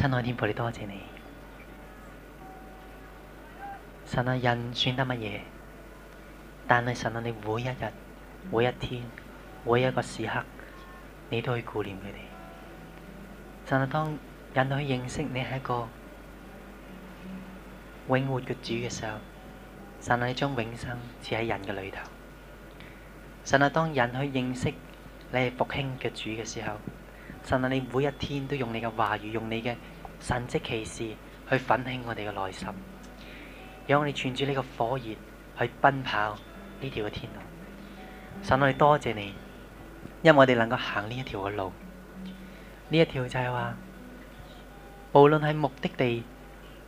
親愛天父，你多謝你。神啊，人算得乜嘢？但係神啊，你每一日、每一天、每一個時刻，你都可以顧念佢哋。神啊，當人去認識你係一個永活嘅主嘅時候，神啊，你將永生賜喺人嘅裏頭。神啊，當人去認識你係復興嘅主嘅時候。神啊！你每一天都用你嘅話語，用你嘅神蹟奇事去奮起我哋嘅內心，讓我哋串住呢個火熱去奔跑呢條嘅天路。神啊！我哋多謝你，因為我哋能夠行呢一條嘅路，呢一條就係話，無論係目的地，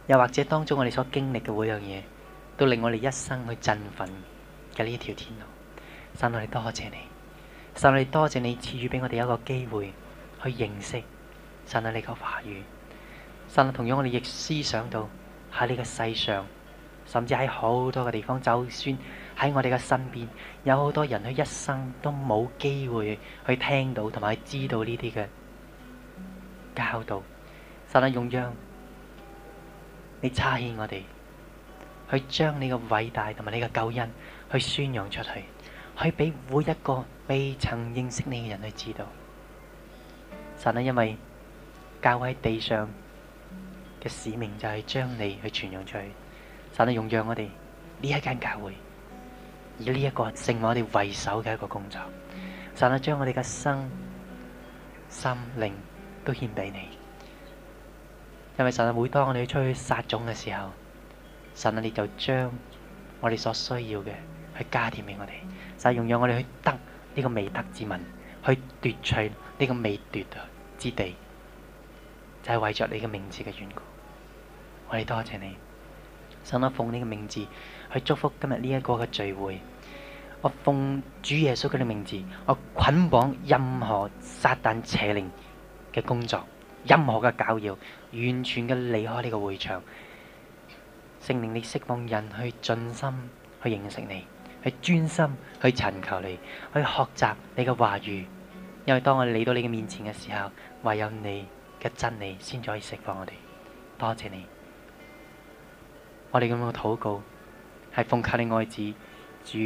又或者當中我哋所經歷嘅每樣嘢，都令我哋一生去振奮嘅呢條天路。神啊！我哋多謝你，神啊！我哋多謝你賜予俾我哋一個機會。去認識，神啊！呢個話語，神同樣我哋亦思想到喺呢個世上，甚至喺好多嘅地方，就算喺我哋嘅身邊，有好多人佢一生都冇機會去聽到同埋去知道呢啲嘅教導。神啊！榮耀，你差遣我哋去將你嘅偉大同埋你嘅救恩去宣揚出去，去俾每一個未曾認識你嘅人去知道。神啊，因為教會喺地上嘅使命就係將你去傳揚出去，神啊，榮耀我哋呢一間教會，以呢一個成為我哋為首嘅一個工作。神啊，將我哋嘅身心靈都獻俾你，因為神啊，每當我哋出去撒種嘅時候，神啊，你就將我哋所需要嘅去加添俾我哋，神啊，榮耀我哋去得呢個未得之民，去奪取呢個未奪。之地，就係、是、為着你嘅名字嘅緣故，我哋多謝你，想我奉你嘅名字去祝福今日呢一個嘅聚會。我奉主耶穌佢嘅名字，我捆綁任何撒旦邪靈嘅工作，任何嘅攪擾，完全嘅離開呢個會場，聖靈你釋放人去盡心去認識你，去專心去尋求你，去學習你嘅話語，因為當我嚟到你嘅面前嘅時候。唯有你嘅真理先至可以釋放我哋，多謝你。我哋咁樣嘅禱告係奉靠你愛子主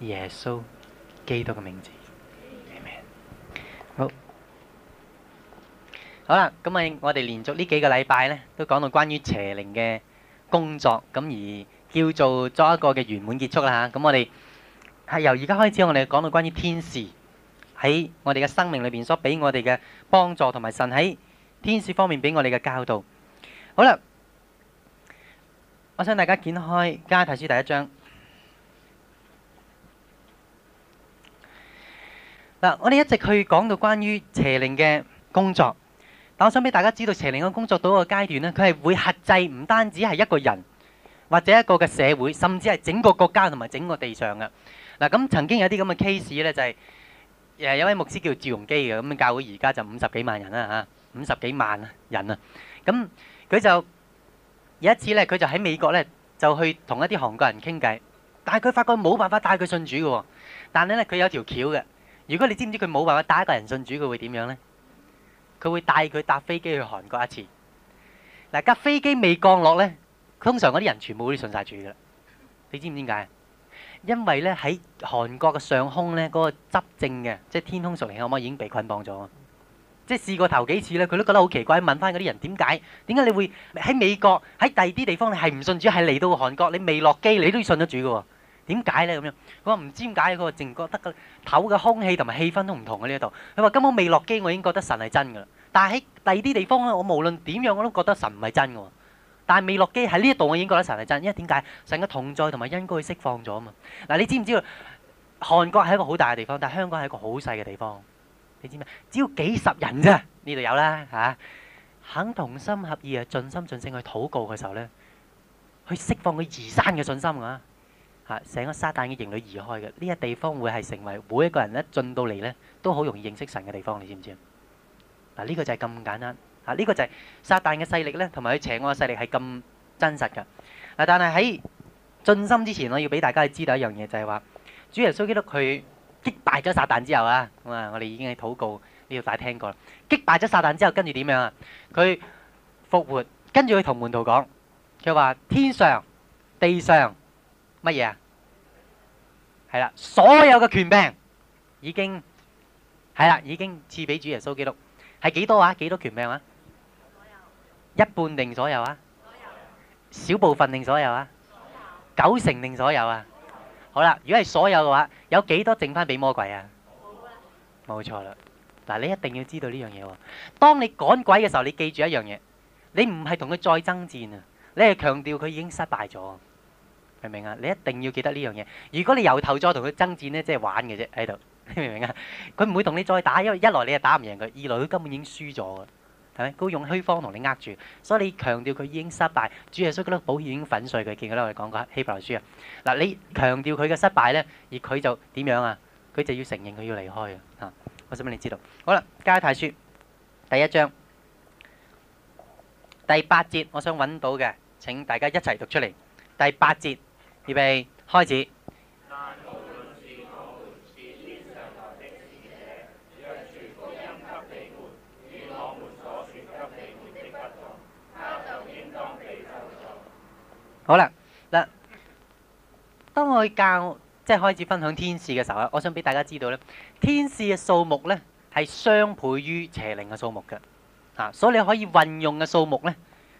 耶穌基督嘅名字。阿門。好，好啦，咁啊，我哋連續呢幾個禮拜呢，都講到關於邪靈嘅工作，咁而叫做做一個嘅圓滿結束啦吓。咁我哋係由而家開始，我哋講到關於天使，喺我哋嘅生命裏邊所俾我哋嘅幫助，同埋神喺天使方面俾我哋嘅教導。好啦，我想大家展開加提書第一章。嗱，我哋一直去講到關於邪靈嘅工作，但我想俾大家知道邪靈嘅工作到一個階段呢，佢係會轄制唔單止係一個人，或者一個嘅社會，甚至係整個國家同埋整個地上嘅嗱。咁曾經有啲咁嘅 case 呢，就係。有位牧師叫趙容基嘅，咁、嗯、教會而家就五十幾萬人啦嚇、啊，五十幾萬人啊，咁、嗯、佢就有一次呢，佢就喺美國呢，就去同一啲韓國人傾偈，但係佢發覺冇辦法帶佢信主嘅、哦，但係呢，佢有條橋嘅。如果你知唔知佢冇辦法帶一個人信主，佢會點樣呢？佢會帶佢搭飛機去韓國一次。嗱、啊、架飛機未降落呢，通常嗰啲人全部都信晒主嘅啦。你知唔知點解？因為咧喺韓國嘅上空咧，嗰個執政嘅即係天空屬靈氣氛已經被捆綁咗。即係試過頭幾次咧，佢都覺得好奇怪，問翻嗰啲人點解？點解你會喺美國喺第二啲地方你係唔信主，係嚟到韓國你未落機你都信咗主嘅？點解咧咁樣？佢話唔知點解，佢話淨覺得個頭嘅空氣同埋氣氛都唔同嘅呢一度。佢話：根本未落機，我已經覺得神係真嘅啦。但係喺第二啲地方咧，我無論點樣我都覺得神唔係真嘅。但係未落機喺呢一度，我已經覺得神係真，因為點解神嘅同在同埋恩膏釋放咗啊嘛！嗱，你知唔知道韓國係一個好大嘅地方，但係香港係一個好細嘅地方？你知咩？只要幾十人啫，呢度有啦嚇，肯同心合意啊，盡心盡性去禱告嘅時候咧，去釋放佢移山嘅信心啊嚇，成個撒但嘅營旅移開嘅，呢一地方會係成為每一個人一進到嚟咧都好容易認識神嘅地方，你知唔知啊？嗱，呢個就係咁簡單。啊！呢個就係撒但嘅勢力咧，同埋佢邪惡嘅勢力係咁真實噶。啊！但係喺進心之前，我要俾大家知道一樣嘢，就係話主耶穌基督佢擊敗咗撒但之後啊，咁啊，我哋已經喺禱告呢度大聽過啦。擊敗咗撒但之後，跟住點樣啊？佢復活，跟住佢同門徒講，佢話天上、地上乜嘢啊？係啦，所有嘅權柄已經係啦，已經賜俾主耶穌基督。係幾多啊？幾多權柄啊？一半定所有啊？小部分定所有啊？九成定所有啊？好啦，如果係所有嘅話，有幾多剩翻俾魔鬼啊？冇啊！冇錯啦。嗱，你一定要知道呢樣嘢喎。當你趕鬼嘅時候，你記住一樣嘢，你唔係同佢再爭戰啊，你係強調佢已經失敗咗。明唔明啊？你一定要記得呢樣嘢。如果你由頭再同佢爭戰呢，即係玩嘅啫喺度。明唔明啊？佢唔會同你再打，因為一來你又打唔贏佢，二來佢根本已經輸咗。係咪？佢用虛方同你呃住，所以你強調佢已經失敗，主耶穌嗰粒寶血已經粉碎佢。見佢咧，我哋講過希伯來書啊。嗱，你強調佢嘅失敗咧，而佢就點樣啊？佢就要承認佢要離開啊！我想俾你知道？好啦，《加拉太書》第一章第八節，我想揾到嘅，請大家一齊讀出嚟。第八節，預備開始。好啦，嗱，當我去教即係開始分享天使嘅時候啊，我想俾大家知道咧，天使嘅數目咧係雙倍於邪靈嘅數目嘅，啊，所以你可以運用嘅數目咧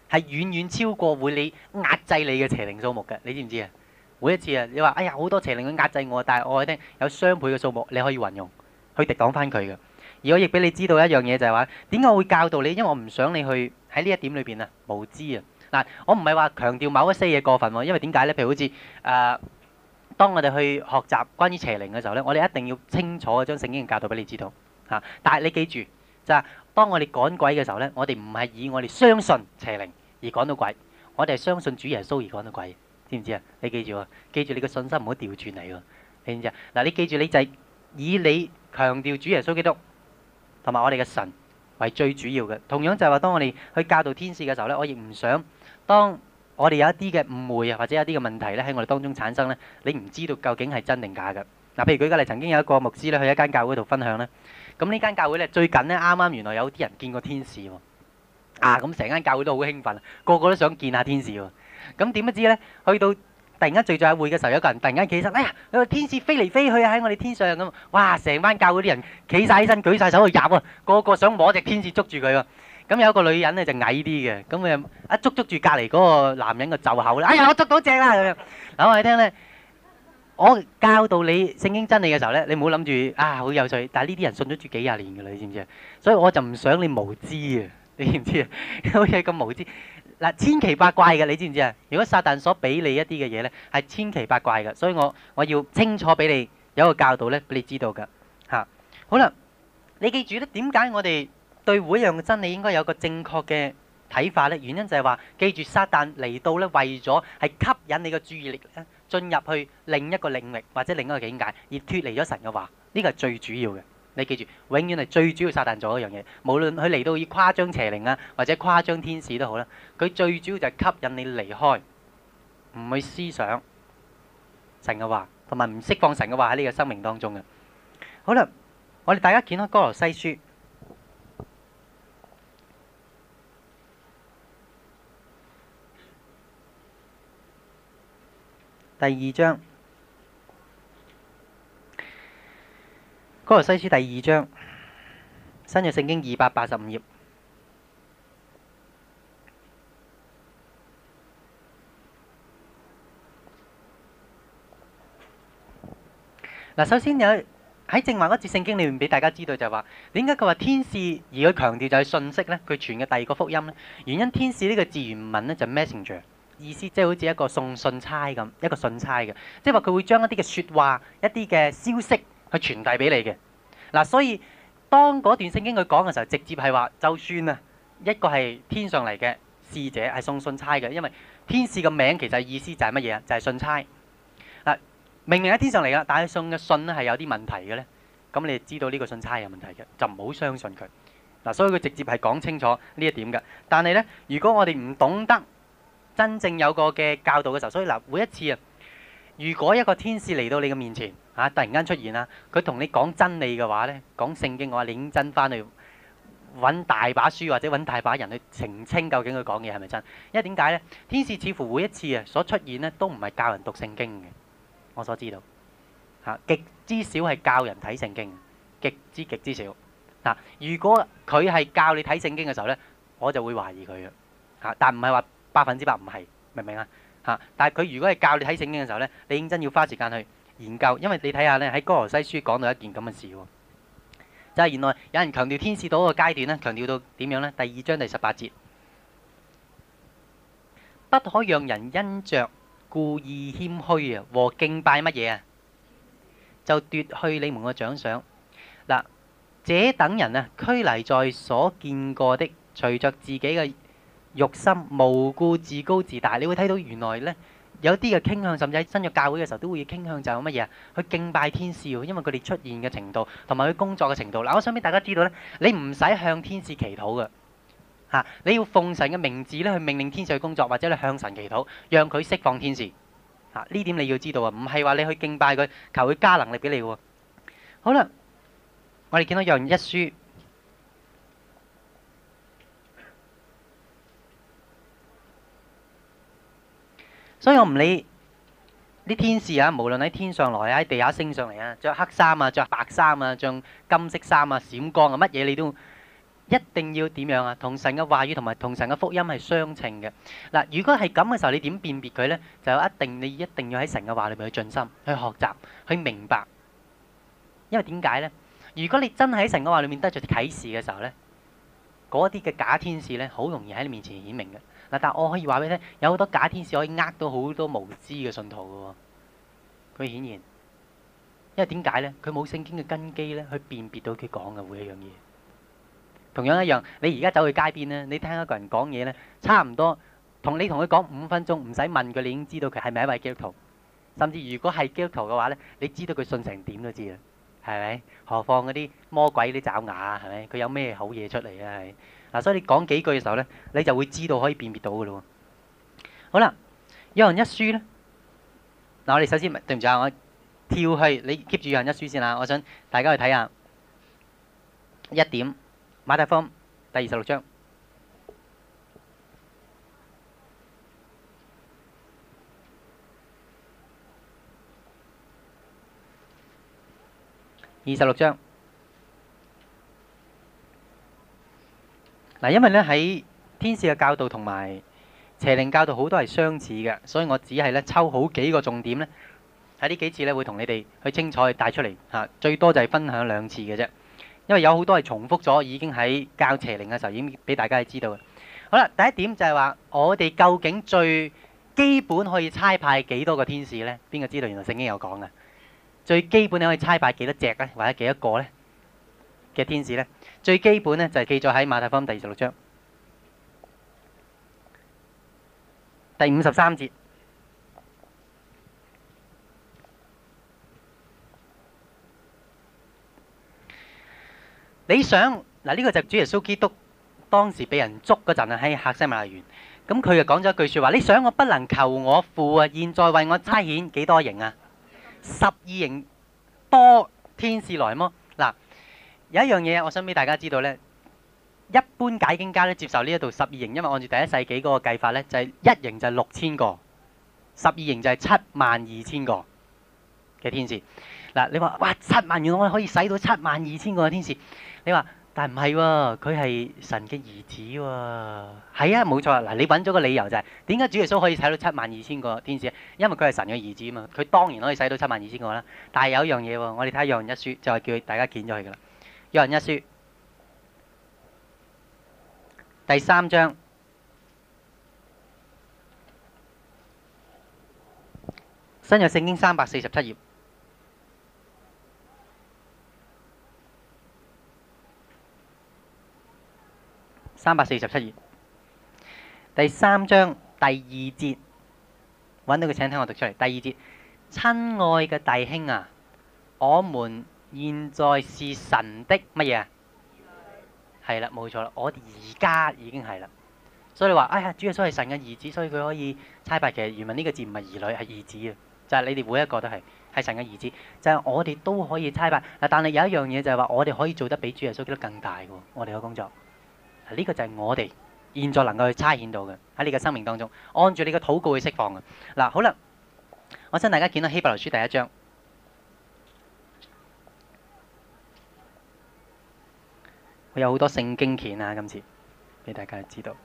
係遠遠超過會你壓制你嘅邪靈數目嘅，你知唔知啊？每一次啊，你話哎呀好多邪靈去壓制我，但係我話你聽有雙倍嘅數目你可以運用去敵擋翻佢嘅。而我亦俾你知道一樣嘢就係話，點解我會教導你？因為我唔想你去喺呢一點裏邊啊，無知啊。嗱，但我唔係話強調某一些嘢過分喎，因為點解呢？譬如好似誒、啊，當我哋去學習關於邪靈嘅時候呢，我哋一定要清楚將聖經教導俾你知道嚇、啊。但係你記住，就係、是、當我哋趕鬼嘅時候呢，我哋唔係以我哋相信邪靈而趕到鬼，我哋係相信主耶穌而趕到鬼，知唔知啊？你記住啊，記住你嘅信心唔好調轉你喎，你知唔知啊？嗱，你記住你就係以你強調主耶穌基督同埋我哋嘅神為最主要嘅。同樣就係話，當我哋去教導天使嘅時候呢，我亦唔想。當我哋有一啲嘅誤會啊，或者有啲嘅問題咧，喺我哋當中產生咧，你唔知道究竟係真定假嘅。嗱，譬如舉個例，曾經有一個牧師咧去一間教會度分享咧，咁呢間教會咧最近咧啱啱原來有啲人見過天使喎，啊，咁成間教會都好興奮，個個都想見下天使喎。咁點不知咧，去到突然間聚聚下會嘅時候，有個人突然間起身，哎呀，有個天使飛嚟飛去喺我哋天上咁，哇，成班教會啲人企曬起身，舉曬手去攬啊，個個想摸隻天使捉住佢㗎。咁有個女人咧就矮啲嘅，咁佢又一捉捉住隔離嗰個男人嘅袖口啦，哎呀我捉到隻啦咁樣，諗下你聽咧，我教導你聖經真理嘅時候咧，你唔好諗住啊好有趣，但係呢啲人信咗住幾廿年㗎啦，你知唔知啊？所以我就唔想你無知啊，你知唔知啊？好似咁無知，嗱，千奇百怪嘅，你知唔知啊？如果撒但所俾你一啲嘅嘢咧，係千奇百怪嘅，所以我我要清楚俾你有一個教導咧俾你知道㗎嚇。好啦，你記住咧，點解我哋，對每樣真理應該有個正確嘅睇法呢，原因就係話，記住撒旦嚟到呢，為咗係吸引你嘅注意力咧，進入去另一個領域或者另一個境界而脫離咗神嘅話，呢個係最主要嘅。你記住，永遠係最主要撒旦做一樣嘢。無論佢嚟到以誇張邪靈啊，或者誇張天使都好啦，佢最主要就係吸引你離開，唔去思想神嘅話，同埋唔釋放神嘅話喺呢個生命當中嘅。好啦，我哋大家見到《哥羅西書》。第二章《哥羅西書》第二章，新約聖經二百八十五頁。嗱，首先有喺正話嗰節聖經裏面俾大家知道就係話，點解佢話天使而佢強調就係訊息咧？佢傳嘅第二個福音咧，原因天使呢個字原文咧就係 messenger。意思即係好似一個送信差咁，一個信差嘅，即係話佢會將一啲嘅説話、一啲嘅消息去傳遞俾你嘅。嗱、啊，所以當嗰段聖經佢講嘅時候，直接係話：就算啊，一個係天上嚟嘅使者，係送信差嘅。因為天使嘅名其實意思就係乜嘢啊？就係、是、信差。嗱、啊，明明喺天上嚟噶，但係送嘅信係有啲問題嘅呢。咁你知道呢個信差有問題嘅，就唔好相信佢。嗱、啊，所以佢直接係講清楚呢一點嘅。但係呢，如果我哋唔懂得。真正有個嘅教導嘅時候，所以嗱，每一次啊，如果一個天使嚟到你嘅面前嚇，突然間出現啦，佢同你講真理嘅話呢，講聖經嘅話，你真返去揾大把書或者揾大把人去澄清，究竟佢講嘢係咪真？因為點解呢？天使似乎每一次啊所出現呢，都唔係教人讀聖經嘅，我所知道嚇極之少係教人睇聖經，極之極之少嗱。如果佢係教你睇聖經嘅時候呢，我就會懷疑佢啊嚇，但唔係話。百分之百唔係，明唔明啊？嚇！但係佢如果係教你睇聖經嘅時候咧，你認真要花時間去研究，因為你睇下咧喺《哥羅西書》講到一件咁嘅事喎。就係原來有人強調天使島個階段咧，強調到點樣咧？第二章第十八節，不可讓人因著故意謙虛啊，和敬拜乜嘢啊，就奪去你們個獎賞。嗱，這等人啊，拘泥在所見過的，隨着自己嘅。肉心無故自高自大，你會睇到原來呢，有啲嘅傾向，甚至喺進入教會嘅時候都會傾向就係乜嘢啊？去敬拜天使，因為佢哋出現嘅程度同埋佢工作嘅程度。嗱，我想俾大家知道呢，你唔使向天使祈禱嘅，嚇、啊、你要奉神嘅名字咧去命令天使去工作，或者你向神祈禱，讓佢釋放天使。嚇、啊、呢點你要知道啊，唔係話你去敬拜佢求佢加能力俾你嘅。好啦，我哋見到楊一書。所以我唔理啲天使啊，無論喺天上來啊，喺地下升上嚟啊，着黑衫啊，着白衫啊，着金色衫啊，閃光啊，乜嘢你都一定要點樣啊？同神嘅話語同埋同神嘅福音係相稱嘅。嗱，如果係咁嘅時候，你點辨別佢呢？就一定你一定要喺神嘅話裏面去盡心去學習去明白。因為點解呢？如果你真係喺神嘅話裏面得着啲啟示嘅時候呢，嗰啲嘅假天使呢，好容易喺你面前顯明嘅。但我可以話俾你聽，有好多假天使可以呃到好多無知嘅信徒嘅喎、哦。佢顯然，因為點解呢？佢冇聖經嘅根基呢，去辨別到佢講嘅每一樣嘢。同樣一樣，你而家走去街邊呢，你聽一個人講嘢呢，差唔多同你同佢講五分鐘，唔使問佢，你已經知道佢係咪一位基督徒。甚至如果係基督徒嘅話呢，你知道佢信成點都知啦，係咪？何況嗰啲魔鬼，啲爪牙，係咪？佢有咩好嘢出嚟啊？係。嗱，所以你講幾句嘅時候咧，你就會知道可以辨別到嘅咯。好啦，有人一輸咧，嗱，我哋首先咪對唔住啊，我跳去你 keep 住有人一輸先啦。我想大家去睇下一點馬太福音第二十六章，二十六章。嗱，因為咧喺天使嘅教導同埋邪靈教導好多係相似嘅，所以我只係咧抽好幾個重點咧喺呢幾次咧會同你哋去清楚帶出嚟嚇。最多就係分享兩次嘅啫，因為有好多係重複咗，已經喺教邪靈嘅時候已經俾大家知道嘅。好啦，第一點就係話我哋究竟最基本可以差派幾多個天使呢？邊個知道？原來聖經有講㗎，最基本你可以差派幾多隻呢？或者幾多個呢？嘅天使呢？最基本呢，就係、是、記載喺馬太福音第二十六章第五十三節。你想嗱呢、這個就係主耶穌基督當時俾人捉嗰陣喺客西馬尼園，咁佢就講咗一句説話：你想我不能求我父啊，現在為我差遣幾多營啊？十二營多天使來麼？嗱。有一樣嘢，我想俾大家知道呢：一般解經家咧接受呢一度十二型，因為按住第一世紀嗰個計法呢，就係、是、一型就係六千個，十二型就係七萬二千個嘅天使。嗱，你話哇，七萬個，我可以使到七萬二千個嘅天使。你話，但唔係喎，佢係神嘅兒子喎、哦。係啊，冇錯。嗱，你揾咗個理由就係點解主耶穌可以使到七萬二千個天使？因為佢係神嘅兒子啊嘛，佢當然可以使到七萬二千個啦。但係有一樣嘢喎，我哋睇《約翰一書》，就係叫大家見咗佢噶啦。約翰一書，第三章，新約聖經三百四十七頁，三百四十七頁，第三章第二節，揾到佢請聽我讀出嚟。第二節，親愛嘅弟兄啊，我們。現在是神的乜嘢？係啦，冇錯啦，我哋而家已經係啦，所以你話，哎呀，主耶穌係神嘅兒子，所以佢可以差派，其實原文呢個字唔係兒女，係兒子啊，就係、是、你哋每一個都係係神嘅兒子，就係、是、我哋都可以差派嗱，但係有一樣嘢就係話，我哋可以做得比主耶穌做得更大嘅，我哋嘅工作，呢、這個就係我哋現在能夠去差遣到嘅喺你嘅生命當中，按住你嘅禱告去釋放嘅嗱、啊，好啦，我想大家見到希伯來書第一章。我有好多聖經片啊！今次俾大家知道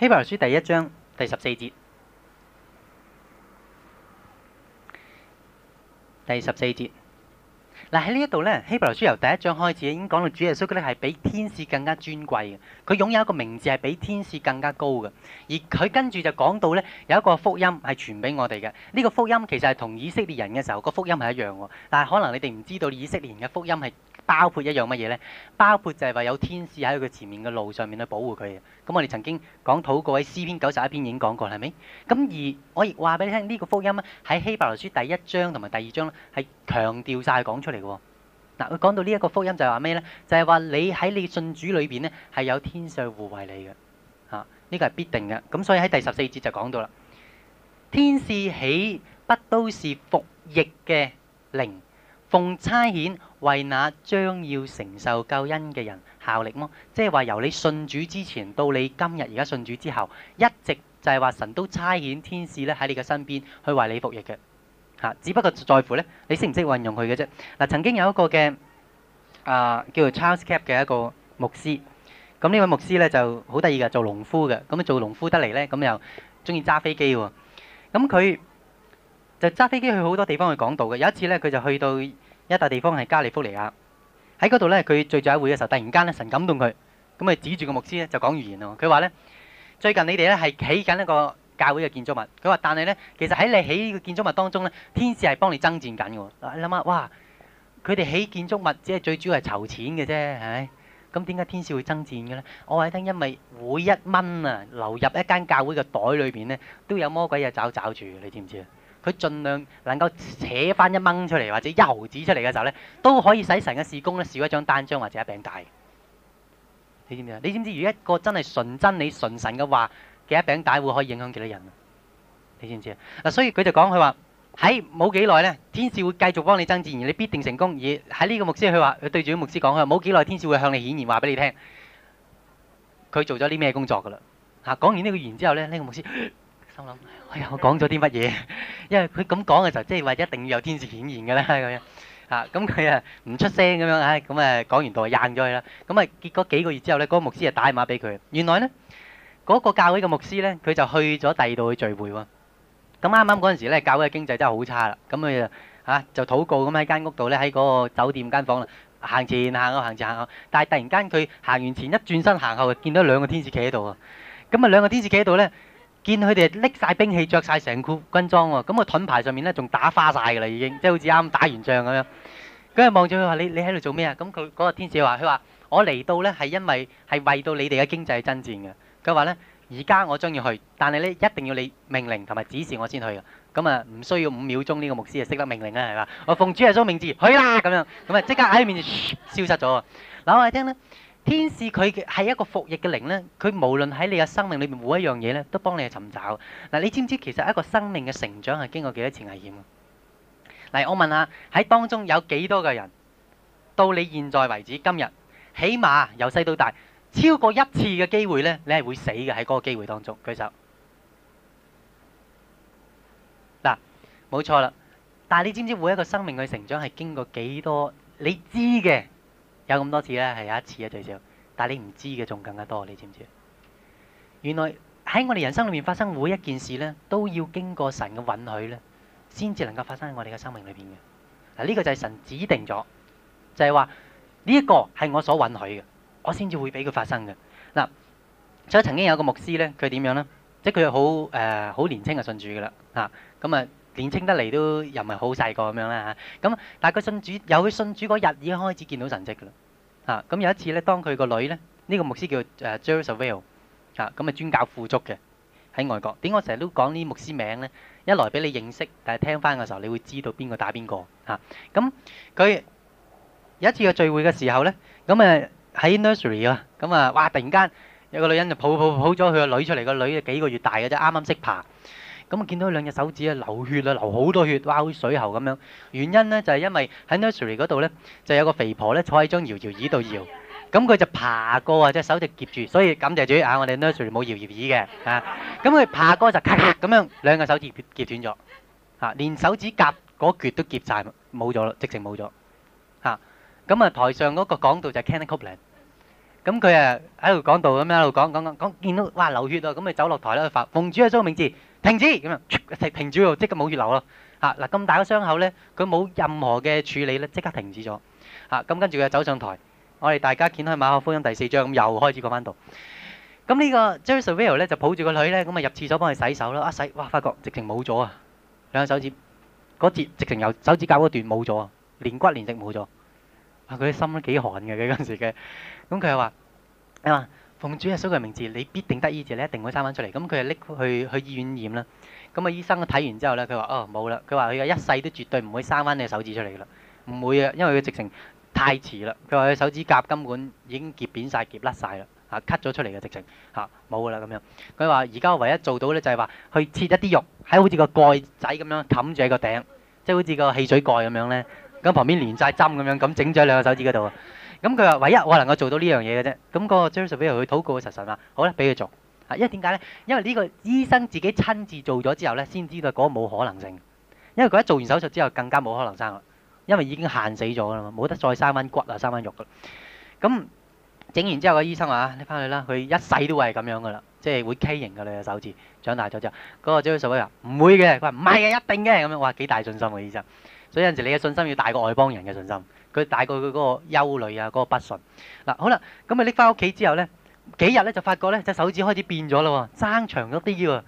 希伯來書第一章第十四節，第十四節。嗱，喺呢一度咧，《希伯來書》由第一章開始已經講到主耶穌咧係比天使更加尊貴嘅，佢擁有一個名字係比天使更加高嘅，而佢跟住就講到咧有一個福音係傳俾我哋嘅，呢個福音其實係同以色列人嘅時候個福音係一樣喎，但係可能你哋唔知道以色列人嘅福音係。包括一樣乜嘢呢？包括就係話有天使喺佢前面嘅路上面去保護佢嘅。咁、嗯、我哋曾經講討過喺詩篇九十一篇已經講過，係咪？咁、嗯、而我亦話俾你聽，呢、這個福音啊喺希伯來書第一章同埋第二章咧係強調晒講出嚟嘅。嗱、嗯，佢講到呢一個福音就係話咩呢？就係、是、話你喺你信主裏邊咧係有天上護衞你嘅。嚇、啊，呢、這個係必定嘅。咁、嗯、所以喺第十四節就講到啦，天使豈不都是服役嘅靈，奉差遣。為那將要承受救恩嘅人效力麼？即係話由你信主之前到你今日而家信主之後，一直就係話神都差遣天使咧喺你嘅身邊去為你服役嘅嚇、啊。只不過在乎咧，你識唔識運用佢嘅啫。嗱、啊，曾經有一個嘅啊叫做 Charles Cap 嘅一個牧師，咁、啊、呢位牧師咧就好得意噶，做農夫嘅，咁、啊、你做農夫得嚟咧，咁、啊、又中意揸飛機喎。咁、啊、佢、啊、就揸飛機去好多地方去講道嘅。有一次咧，佢就去到，一笪地方係加利福尼亞，喺嗰度呢，佢聚咗喺會嘅時候，突然間咧，神感動佢，咁啊指住個牧師咧就講預言哦。佢話呢：「最近你哋呢係起緊一個教會嘅建築物。佢話，但係呢，其實喺你起個建築物當中呢，天使係幫你爭戰緊嘅。你諗下，哇！佢哋起建築物只係最主要係籌錢嘅啫，係咁點解天使會爭戰嘅呢？我話你聽，因為每一蚊啊流入一間教會嘅袋裏邊呢，都有魔鬼嘢爪爪住，你知唔知啊？佢儘量能夠扯翻一掹出嚟，或者油紙出嚟嘅時候呢，都可以使神嘅事工呢，少一張單張或者一餅帶。你知唔知啊？你知唔知？如果一個真係純真你純神嘅話，嘅一餅帶會可以影響幾多人啊？你知唔知啊？嗱，所以佢就講佢話：喺冇幾耐呢，天使會繼續幫你增自然，你必定成功。而喺呢個牧師，佢話佢對住啲牧師講佢話：冇幾耐，天使會向你顯現話俾你聽，佢做咗啲咩工作噶啦。嚇，講完呢句言之後呢，呢個牧師。心諗：哎呀，我講咗啲乜嘢？因為佢咁講嘅時候，即係話一定要有天使顯現嘅啦，咁樣嚇。咁佢啊，唔出聲咁樣，唉，咁誒講完道，硬咗去啦。咁啊，結果幾個月之後咧，嗰個牧師就打電話俾佢，原來咧嗰個教會嘅牧師咧，佢就去咗第二度去聚會喎。咁啱啱嗰陣時咧，教會嘅經濟真係好差啦。咁佢啊嚇，就禱告咁喺間屋度咧，喺嗰個酒店間房啦，行前行後行前行後。但係突然間佢行完前一轉身行後，見到兩個天使企喺度喎。咁啊，兩個天使企喺度咧。見佢哋拎晒兵器，着晒成個軍裝喎，咁個盾牌上面咧仲打花晒噶啦，已經即係好似啱打完仗咁樣。咁啊望住佢話：你你喺度做咩啊？咁佢嗰個天使話：佢話我嚟到咧係因為係為到你哋嘅經濟爭戰嘅。佢話咧而家我鍾意去，但係咧一定要你命令同埋指示我先去嘅。咁啊唔需要五秒鐘呢個牧師就識得命令啦，係嘛？我奉主耶穌名字去啦咁樣，咁啊即刻喺面前消失咗。嗱我哋聽咧。天使佢嘅係一個服役嘅靈呢，佢無論喺你嘅生命裏面每一樣嘢呢，都幫你去尋找。嗱，你知唔知其實一個生命嘅成長係經過幾多次危險啊？嗱，我問下喺當中有幾多個人到你現在為止今日起碼由細到大超過一次嘅機會呢，你係會死嘅，喺嗰個機會當中，舉手。嗱，冇錯啦。但係你知唔知每一個生命嘅成長係經過幾多？你知嘅。有咁多次咧，係有一次啊最少，但係你唔知嘅仲更加多，你知唔知？原來喺我哋人生裏面發生每一件事咧，都要經過神嘅允許咧，先至能夠發生喺我哋嘅生命裏邊嘅。嗱、這、呢個就係神指定咗，就係話呢一個係我所允許嘅，我先至會俾佢發生嘅。嗱、啊，所以曾經有個牧師咧，佢點樣咧？即係佢好誒好年青就信主嘅啦，嚇咁啊！嗯啊年青得嚟都又唔係好細個咁樣啦嚇，咁、啊、但係佢信主，由佢信主嗰日已經開始見到神跡㗎啦嚇。咁、啊嗯、有一次咧，當佢個女咧，呢、個牧師叫誒 Joseph Will 咁啊、嗯、專教富足嘅喺外國。點解我成日都講呢牧師名咧，一來俾你認識，但係聽翻嘅時候，你會知道邊個打邊個嚇。咁、啊、佢、嗯、有一次嘅聚會嘅時候咧，咁、嗯、啊喺 nursery 啊，咁、嗯、啊，哇！突然間有個女人就抱抱抱咗佢個女出嚟，個女啊幾個月大嘅啫，啱啱識爬。咁啊！見到兩隻手指啊，流血啦，流好多血，哇！好似水喉咁樣。原因咧就係因為喺 Nursery 嗰度咧，就有個肥婆咧坐喺張搖搖椅度搖，咁佢就爬過啊，隻手就夾住，所以感謝主啊！我哋 Nursery 冇搖搖椅嘅啊。咁佢爬過就咔咔咁樣，兩個手指夾斷咗嚇，連手指甲嗰橛都夾曬冇咗咯，直情冇咗嚇。咁啊，台上嗰個講道就係 Kenneth Copeland，咁佢啊喺度講到咁樣喺度講講講，講見到哇流血啊，咁咪走落台咧發奉主啊，個名字。停止咁啊，停住即刻冇血流咯嚇嗱咁大個傷口咧，佢冇任何嘅處理咧，即刻停止咗嚇咁跟住佢走上台，我哋大家掀開《馬可福音》第四章咁又開始講翻度。咁、啊這個 er、呢個 Joseph Will 咧就抱住個女咧咁啊入廁所幫佢洗手啦，一、啊、洗哇發覺直情冇咗啊，兩隻手指嗰截、那個、直情由手指甲嗰段冇咗，啊，連骨連直冇咗啊！佢個心都幾寒嘅嗰陣時嘅，咁佢又話你話？馮主耶穌嘅名字，你必定得醫治，你一定會生翻出嚟。咁、嗯、佢就拎去去醫院驗啦。咁、嗯、啊醫生睇完之後咧，佢話：哦冇啦。佢話佢一世都絕對唔會生翻你隻手指出嚟噶啦，唔會啊，因為佢直情太遲啦。佢話佢手指甲根本已經夾扁晒，夾甩晒啦，嚇 cut 咗出嚟嘅直情。啊」嚇冇噶啦咁樣。佢話而家唯一做到咧就係話去切一啲肉，喺好似個蓋仔咁樣冚住喺個頂，即係好似個汽水蓋咁樣咧，咁旁邊連晒針咁樣咁整咗喺兩個手指嗰度。咁佢話唯一我能夠做到呢樣嘢嘅啫，咁、那、嗰個 Joseph 又去禱告個神神話，好咧，俾佢做，啊，因為點解咧？因為呢個醫生自己親自做咗之後咧，先知道嗰個冇可能性，因為佢一做完手術之後更加冇可能生啦，因為已經限死咗啦嘛，冇得再生翻骨啊，生翻肉噶。咁整完之後、那個醫生話：你翻去啦，佢一世都會係咁樣噶啦，即係會畸形噶你隻手指長大咗之後。嗰、那個 Joseph、er、話：唔會嘅，佢話唔係啊，一定嘅咁樣，哇幾大信心嘅醫生。所以有陣時你嘅信心要大過外邦人嘅信心。佢帶過佢嗰個憂慮啊，嗰個不順嗱，好啦，咁啊拎翻屋企之後咧，幾日咧就發覺咧隻手指開始變咗咯，生長咗啲喎，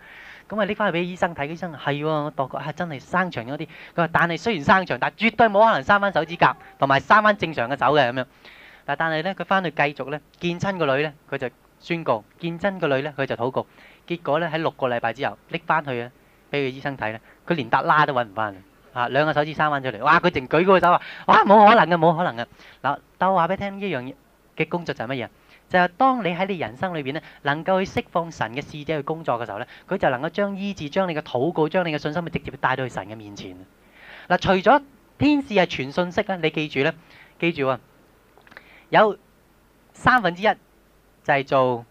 咁啊拎翻去俾醫生睇，醫生話係喎，我度覺啊真係生長咗啲，佢話但係雖然生長，但係絕對冇可能生翻手指甲同埋生翻正常嘅手嘅咁樣，但係咧佢翻去繼續咧見親個女咧，佢就宣告，見親個女咧佢就禱告，結果咧喺六個禮拜之後拎翻去啊俾佢醫生睇咧，佢連達拉都揾唔翻啦。啊！兩個手指生翻出嚟，哇！佢淨舉嗰個手話！哇！冇可能嘅，冇可能嘅。嗱，但我話俾你聽一樣嘢嘅工作就係乜嘢？就係當你喺你人生裏邊咧，能夠去釋放神嘅使者去工作嘅時候咧，佢就能夠將醫治、將你嘅禱告、將你嘅信心去直接帶到去神嘅面前。嗱，除咗天使係傳信息咧，你記住咧，記住啊，有三分之一就係做。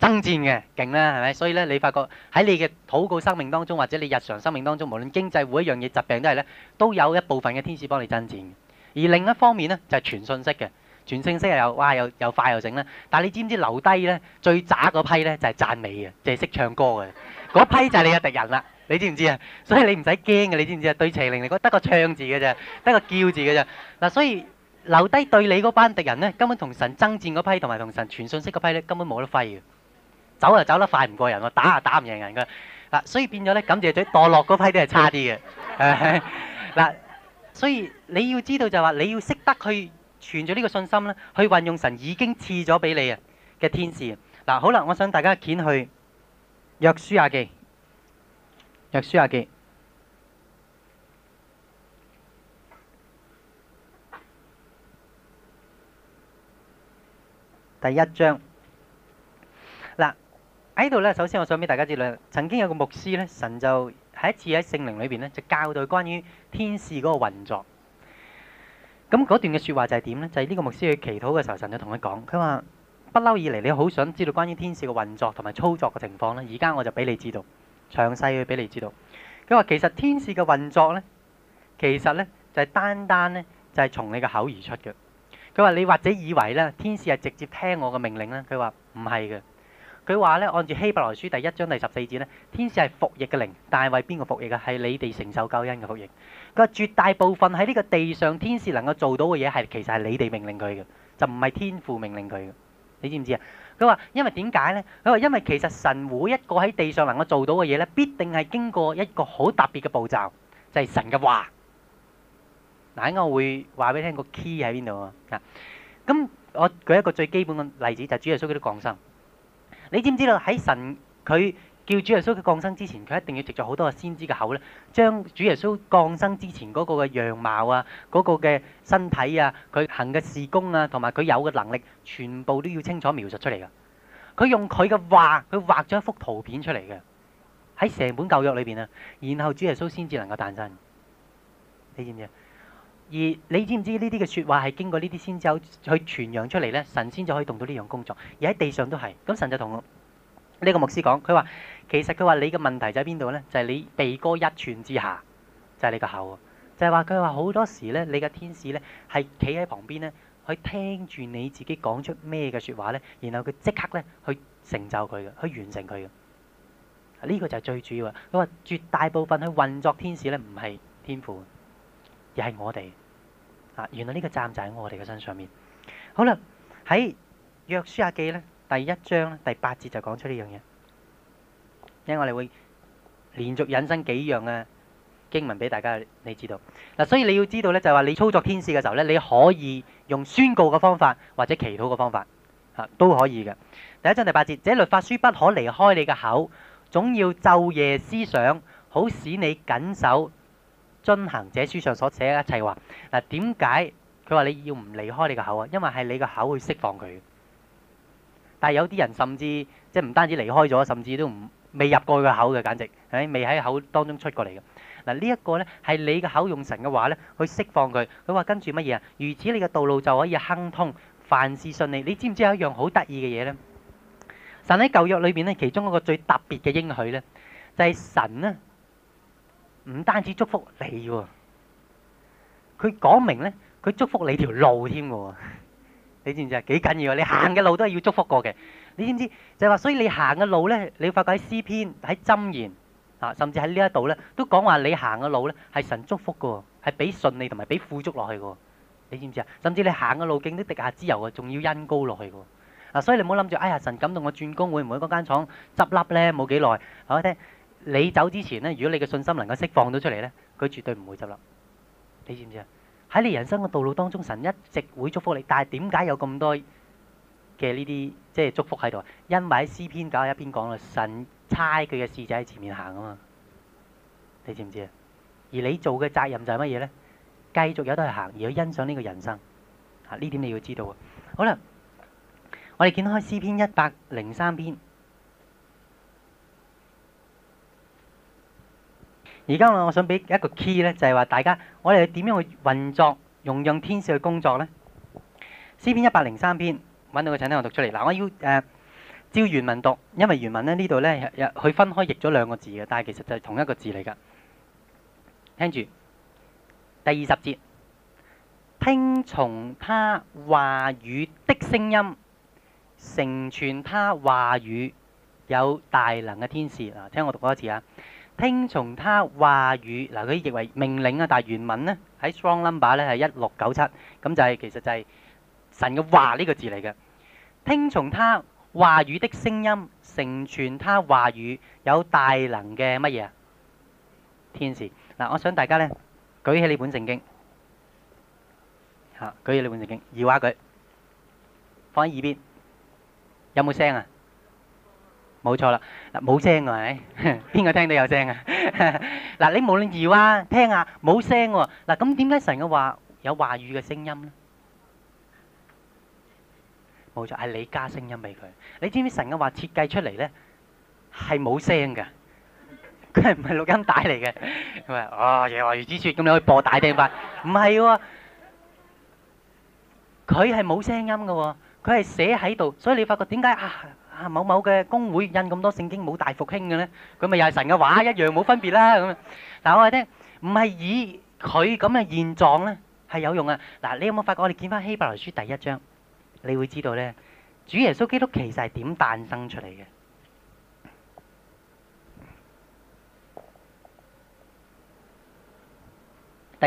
爭戰嘅勁啦，係咪？所以咧，你發覺喺你嘅禱告生命當中，或者你日常生命當中，無論經濟會一樣嘢、疾病都係咧，都有一部分嘅天使幫你爭戰。而另一方面呢，就係、是、傳信息嘅、傳信息又哇又又快又整啦。但係你知唔知留低呢最渣嗰批呢，批就係讚美嘅，就係、是、識唱歌嘅嗰批就係你嘅敵人啦。你知唔知，知，知啊？所以你唔使驚嘅，你知唔知啊？對邪靈嚟講得個唱字嘅啫，得個叫字嘅啫嗱。所以留低對你嗰班敵人呢，根本同神爭戰嗰批同埋同神傳信息嗰批呢，根本冇得揮嘅。走又走得快唔過人，打又打唔贏人㗎嗱、啊，所以變咗咧，感謝主墮落嗰批都係差啲嘅嗱，所以你要知道就係話，你要識得去存住呢個信心咧，去運用神已經賜咗俾你嘅天使。嗱、啊，好啦，我想大家攪去約書亞記，約書亞記第一章。喺度咧，首先我想俾大家知道，曾經有個牧師咧，神就喺一次喺聖靈裏邊咧，就教導關於天使嗰個運作。咁嗰段嘅說話就係點呢？就係呢個牧師去祈禱嘅時候，神就同佢講：佢話不嬲以嚟，你好想知道關於天使嘅運作同埋操作嘅情況呢。而家我就俾你知道，詳細去俾你知道。佢話其實天使嘅運作呢，其實呢，就係單單呢，就係從你嘅口而出嘅。佢話你或者以為呢，天使係直接聽我嘅命令呢。」佢話唔係嘅。佢話咧，按住希伯來書第一章第十四節咧，天使係服役嘅靈，但係為邊個服役嘅？係你哋承受救恩嘅服役。佢話絕大部分喺呢個地上天使能夠做到嘅嘢，係其實係你哋命令佢嘅，就唔係天父命令佢嘅。你知唔知啊？佢話因為點解咧？佢話因為其實神每一個喺地上能夠做到嘅嘢咧，必定係經過一個好特別嘅步驟，就係神嘅話。嗱，我會話俾你聽個 key 喺邊度啊？咁我舉一個最基本嘅例子，就係主耶穌嗰啲降生。你知唔知道喺神佢叫主耶穌佢降生之前，佢一定要藉助好多個先知嘅口咧，將主耶穌降生之前嗰個嘅樣貌啊，嗰、嗰個嘅身體啊，佢行嘅事工啊，同埋佢有嘅能力，全部都要清楚描述出嚟噶。佢用佢嘅話，佢畫咗一幅圖片出嚟嘅，喺成本舊約裏邊啊，然後主耶穌先至能夠誕生。你知唔知而你知唔知呢啲嘅説話係經過呢啲先至去傳揚出嚟呢？神先就可以動到呢樣工作。而喺地上都係，咁神就同呢個牧師講，佢話其實佢話你嘅問題就喺邊度呢？就係、是、你鼻哥一寸之下，就係、是、你個口。就係話佢話好多時呢，你嘅天使呢係企喺旁邊呢，去聽住你自己講出咩嘅説話呢，然後佢即刻呢去成就佢嘅，去完成佢嘅。呢、這個就係最主要啊！佢話絕大部分去運作天使呢，唔係天父，而係我哋。原來呢個站就喺我哋嘅身上面。好啦，喺《約書亞記》咧，第一章第八節就講出呢樣嘢。因為我哋會連續引申幾樣嘅經文俾大家，你知道嗱。所以你要知道呢，就係話你操作天使嘅時候呢，你可以用宣告嘅方法或者祈禱嘅方法都可以嘅。第一章第八節，這律法書不可離開你嘅口，總要晝夜思想，好使你緊守。遵行這書上所寫嘅一切話。嗱，點解佢話你要唔離開你個口啊？因為係你個口去釋放佢。但係有啲人甚至即係唔單止離開咗，甚至都唔未入過個口嘅，簡直係未喺口當中出過嚟嘅。嗱，呢一個咧係你個口用神嘅話咧去釋放佢。佢話跟住乜嘢啊？如此你嘅道路就可以亨通，凡事順利。你知唔知有一樣好得意嘅嘢咧？神喺舊約裏邊咧，其中一個最特別嘅應許咧，就係神咧。唔單止祝福你喎，佢講明咧，佢祝福你條路添嘅喎，你知唔知啊？幾緊要啊？你行嘅路都係要祝福過嘅，你知唔知？就係話，所以你行嘅路咧，你會發覺喺詩篇、喺箴言啊，甚至喺呢一度咧，都講話你行嘅路咧，係神祝福嘅，係俾順利同埋俾富足落去嘅，你知唔知啊？甚至你行嘅路徑都滴下脂油嘅，仲要恩膏落去嘅。嗱，所以你唔好諗住，哎呀，神感動我轉工，會唔會嗰間廠執笠咧？冇幾耐，聽。你走之前呢，如果你嘅信心能夠釋放到出嚟呢，佢絕對唔會執笠。你知唔知啊？喺你人生嘅道路當中，神一直會祝福你。但係點解有咁多嘅呢啲即係祝福喺度？因為喺詩篇九一篇講啦，神差佢嘅使者喺前面行啊嘛。你知唔知啊？而你做嘅責任就係乜嘢呢？繼續有得去行，而去欣賞呢個人生。啊，呢點你要知道喎。好啦，我哋見開詩篇一百零三篇。而家我想俾一個 key 咧，就係話大家，我哋點樣去運作用用天使去工作呢？詩篇一百零三篇揾到個，請聽我讀出嚟。嗱，我要誒、呃、照原文讀，因為原文咧呢度咧，佢分開譯咗兩個字嘅，但係其實就係同一個字嚟㗎。聽住第二十節，聽從他話語的聲音，成全他話語有大能嘅天使。嗱，聽我讀多一次啊！聽從他話語，嗱佢譯為命令啊，但係原文咧喺 StrongNumber 咧係一六九七，咁就係其實就係神嘅話呢個字嚟嘅。聽從他話語的聲音，成全他話語有大能嘅乜嘢啊？天使。嗱，我想大家咧舉起你本聖經，吓，舉起你本聖經，搖下舉，放喺耳邊，有冇聲啊？冇錯啦，嗱冇聲係，邊個聽到有聲啊？嗱，你無論耳蝸聽下，冇聲喎。嗱，咁點解神嘅話有話語嘅聲音咧？冇錯，係你加聲音俾佢。你知唔知神嘅話設計出嚟咧，係冇聲噶，佢係唔係錄音帶嚟嘅？佢話啊，耶和華如此說，咁你可以播大聽翻，唔係喎，佢係冇聲音嘅，佢係寫喺度，所以你發覺點解啊？啊！某某嘅公會印咁多聖經冇大復興嘅咧，佢咪又係神嘅話一樣冇分別啦咁。嗱，我話你聽，唔係以佢咁嘅現狀咧係有用啊！嗱，你有冇發覺？我哋見翻希伯來書第一章，你會知道咧，主耶穌基督其實係點誕生出嚟嘅？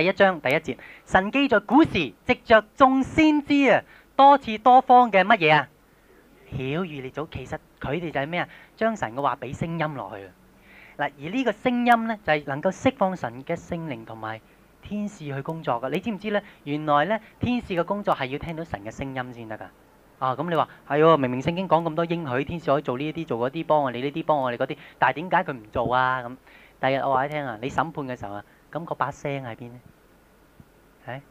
第一章第一節，神既在古時，藉着眾先知啊，多次多方嘅乜嘢啊？曉預列組，其實佢哋就係咩啊？將神嘅話俾聲音落去啦。嗱，而呢個聲音咧，就係能夠釋放神嘅聖靈同埋天使去工作噶。你知唔知咧？原來咧，天使嘅工作係要聽到神嘅聲音先得噶。啊，咁你話係明明聖經講咁多應許，天使可以做呢啲，做嗰啲，幫我哋呢啲，幫我哋嗰啲，但係點解佢唔做啊？咁第日我話你聽啊，你審判嘅時候啊，咁個把聲喺邊咧？係，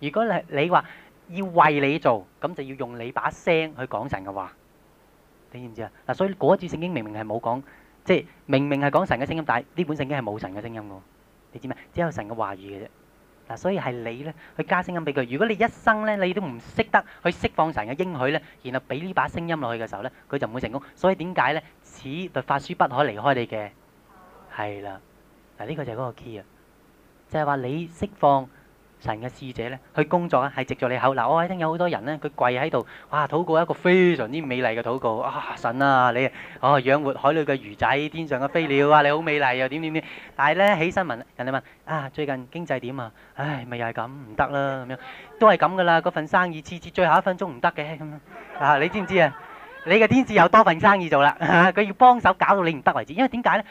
如果你你話要為你做，咁就要用你把聲去講神嘅話。你知唔知啊？嗱，所以嗰支聖經明明係冇講，即係明明係講神嘅聲音，但係呢本聖經係冇神嘅聲音嘅。你知咩？只有神嘅話語嘅啫。嗱，所以係你咧去加聲音俾佢。如果你一生咧你都唔識得去釋放神嘅應許咧，然後俾呢把聲音落去嘅時候咧，佢就唔會成功。所以點解咧？此律法書不可離開你嘅，係啦。嗱，呢個就係嗰個 key 啊，就係話你釋放。神嘅使者咧，去工作啊，係藉住你口。嗱，我喺聽有好多人咧，佢跪喺度，哇，禱告一個非常之美麗嘅禱告。啊，神啊，你啊，哦，養活海裡嘅魚仔，天上嘅飛鳥啊，你好美麗又點點點。但係咧，起身問人哋問啊，最近經濟點啊？唉，咪又係咁，唔得啦咁樣，都係咁噶啦。嗰份生意，次次最後一分鐘唔得嘅咁樣。啊，你知唔知啊？你嘅天使有多份生意做啦？佢要幫手搞到你唔得為止，因為點解咧？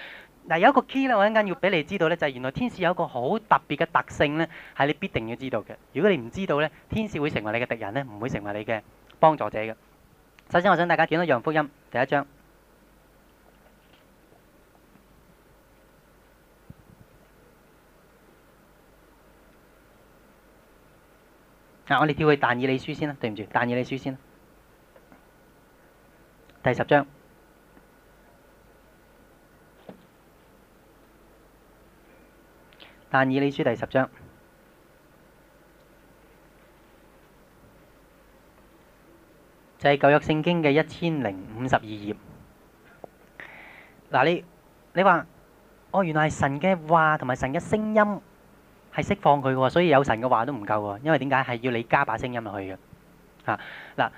但有一個 key 咧，我一陣間要俾你知道咧，就係、是、原來天使有一個好特別嘅特性咧，係你必定要知道嘅。如果你唔知道咧，天使會成為你嘅敵人咧，唔會成為你嘅幫助者嘅。首先，我想大家見到《羊福音》第一章。嗱、啊，我哋跳去但《但以理書》先啦，對唔住，《但以理書》先啦，第十章。但以理書第十章就係、是、舊約聖經嘅一千零五十二頁。嗱，你你話哦，原來係神嘅話同埋神嘅聲音係釋放佢嘅，所以有神嘅話都唔夠喎。因為點解係要你加把聲音落去嘅吓嗱？